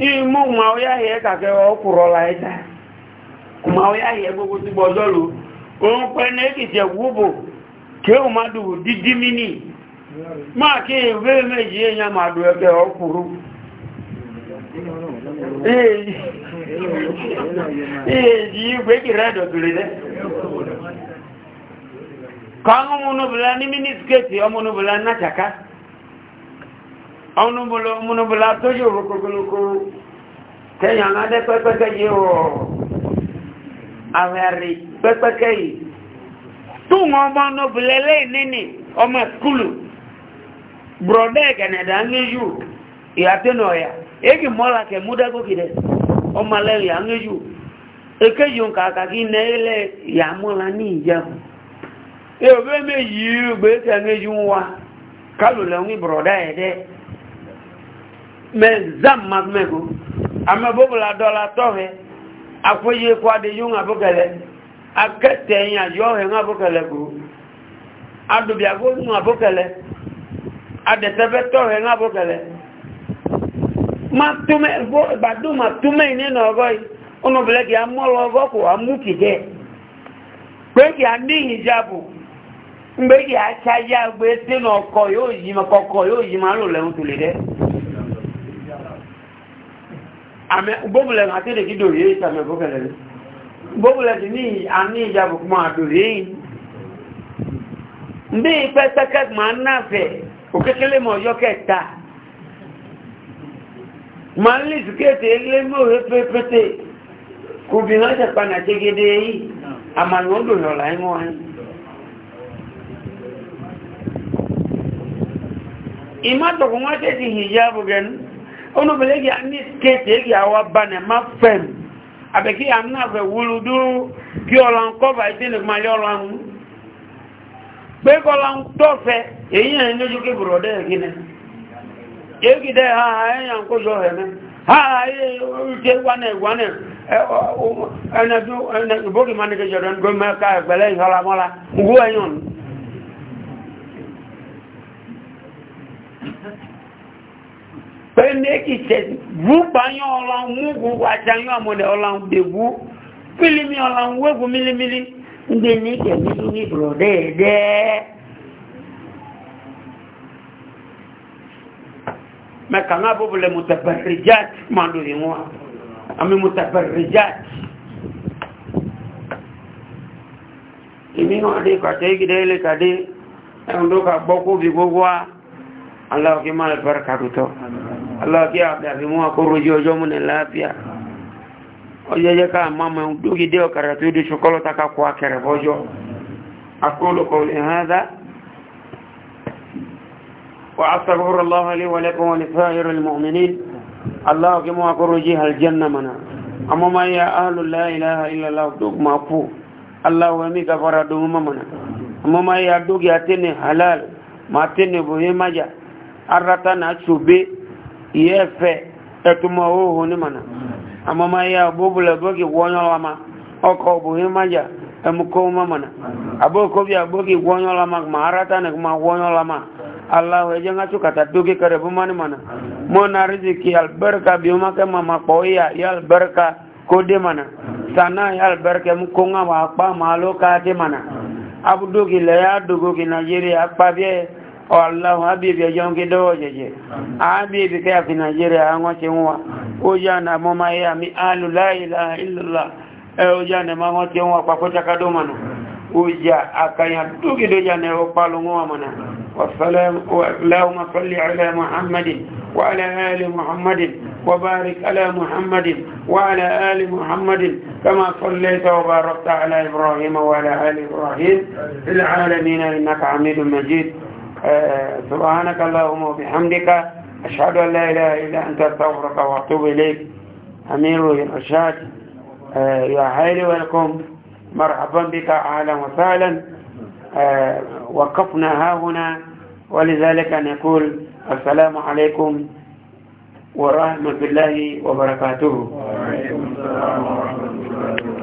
imú màá yá yẹ ka ọkùrọ̀ la ẹ̀ dá màá yá ọ gbogbo tí gbogbo lò òun o ní èkìtì wúbò kí ó má dùn dídí mí nì máa kí ìwé méjì èèyàn máa dùn ẹgbẹ́ ọkùrú ọ̀nùbùlọ̀ múnubùlà tó yóò wó kókólókó kẹyìn àwọn adé pẹ́pẹ́kẹ́ yìí wọ̀ àwẹ̀rì pẹ́pẹ́kẹ́ yìí tó wọn ọmọ ọ̀nùbùlẹ̀ lẹ́yìn nínì ọmọ skulu brọ̀dẹ́ kẹ̀nẹ̀dà ń lé yù ìyàtẹ́nà ọ̀yà èkì mọ́lá kẹ̀ múdágókì dẹ̀ ọmọ lẹ́yìn à ń lé yù èkéjì ń kàkà kí nẹ́ ilẹ̀ ìyàmọ́lá ní ìjẹun èèwé méjì gbé kẹ̀ ń lé yù wa kálù lẹ́hún ìbrọ̀dá ẹ̀ dẹ́ mɛ zam ma mɛ ko ame bubu la dɔ la tɔ hɛ afɔ yi kɔ adi yi ŋa bo kɛlɛ akɛtɛ nya yɔ hɛ ŋa bo kɛlɛ ko adubia ko ŋa bo kɛlɛ adɛsɛ bɛ tɔ hɛ ŋa ma tumɛ bo gbadu ma tumɛ yi ne nɔ ɔgɔ yi ɔnɔ bilɛ kì ko amu kì dɛ pé kì adi mgbe dza bo ŋgbɛ kì atsa ya gbɛ te nɔ kɔ yóò yi ma kɔkɔ yóò yi ma lò lɛ ŋutu li dɛ. àmẹ́ gbóbulẹ̀ àti èdè kídò yìí ìtàmẹ́ fókẹ̀lẹ̀ rẹ̀ gbóbulẹ̀ ti ní àní ìjàbù kúmọ̀ àdò yìí ndé ìpẹ́ tẹ́kẹ́ máa ń náfẹ̀ òkékélé mọ̀ ọjọ́ kẹta máa ń lè pépété kò bí ṣe pa yìí ọ̀la ẹ̀. ṣe ti ono bele gi ani skete awa bane ma fem abeki amna ve wuludu ki olan ko ba ite ne ma yo lan be ko lan to fe ke bro de gi ne ha ha en yan ko zo ha ha e u te wan e wan e en adu en bo gi mane ke jodan go ka bele hala mala ngu pẹ́ẹ́mẹ́kì tẹ̀ bú báyọ̀ ọ̀làwọ̀ múgù àtàyọ̀ àmọ̀dẹ̀ ọ̀làwọ̀ dèbú pílímì ọ̀làwọ̀ wẹ́gù mílímílí ńgbé ní kẹ̀mí ní ìbùrọ̀dẹ́ ẹ̀dẹ́ mẹ́ka náà bó bulẹ̀ mùtàbàrìjáàt máa lò ní wọn àmì mùtàbàrìjáàt ìmí wọn dé kàtẹ́ ìgidẹ́ ilé kàdé ẹ̀hùn tó kà gbọ́kú bí gbogbo wa aláwọ̀ kí máa lè bẹ́rẹ̀ kàdútọ́ aláàfíà àti mú akóròjú ọjọ́ múnẹ̀ láàfíà ọjọ́ jẹ́ ká máa mọ̀ dókídé ọ̀kàrà tó dé ṣokọ́lọ́ taka kọ akẹrẹ bọ́jọ́ akólùkọ̀ ìhádá wa asàgbọ́rọ̀ lọ́wọ́lé wọlẹ́kọ́ wọn fẹ́ ìrọ̀ ìmọ̀mìnì aláàfí mú akóròjú aljanna mana amma ma ya ahlu la ilaha illallah duk ma ku allah wa mi gafara dum mana amma ma ya duk ya tene na chube iye fẹ ẹtùmọ̀ oòrùn ní mọ̀nà àmọ́má ya bóbulẹ̀ bókì wọ́nyọ́lọ́mà ọkọ̀ òbòhín májà ẹmukọ́ mọ̀nà àbókòbí àbókì wọ́nyọ́lọ́mà màárátà ní kuma wọ́nyọ́lọ́mà aláwọ̀ ẹjẹ́ ńgá túkàtà dókè kẹrẹ bó má ní mọ̀nà mọ́nà rìzìkì alberka bí wọ́n kẹ́ màmá pọ̀ yíyà yà alberka kó dé mọ̀nà sànà yà alberka mú kó ńgá wà á pa màá ló ká dé abudókì lẹ́yà dógókì nàìjíríà pàbíẹ́ Allahu habibi ajon kidogo jeje habibi kaya fi Nigeria angoche mwa ujana mama ya mi alu la ilaha illallah e ujana mama te mwa kwa kota kadomano uja akanya tuki doja ne opalo mwa mana والسلام اللهم صل على محمد وعلى آل محمد وبارك على محمد وعلى آل محمد كما صليت وباركت على إبراهيم وعلى آل إبراهيم في العالمين إنك عميد مجيد سبحانك اللهم وبحمدك أشهد أن لا إله إلا أنت أستغفرك وأتوب إليك أمير الإرشاد آه، يا حيلي ولكم مرحبا بك أهلا وسهلا آه، وقفنا ها هنا ولذلك نقول السلام عليكم ورحمة الله وبركاته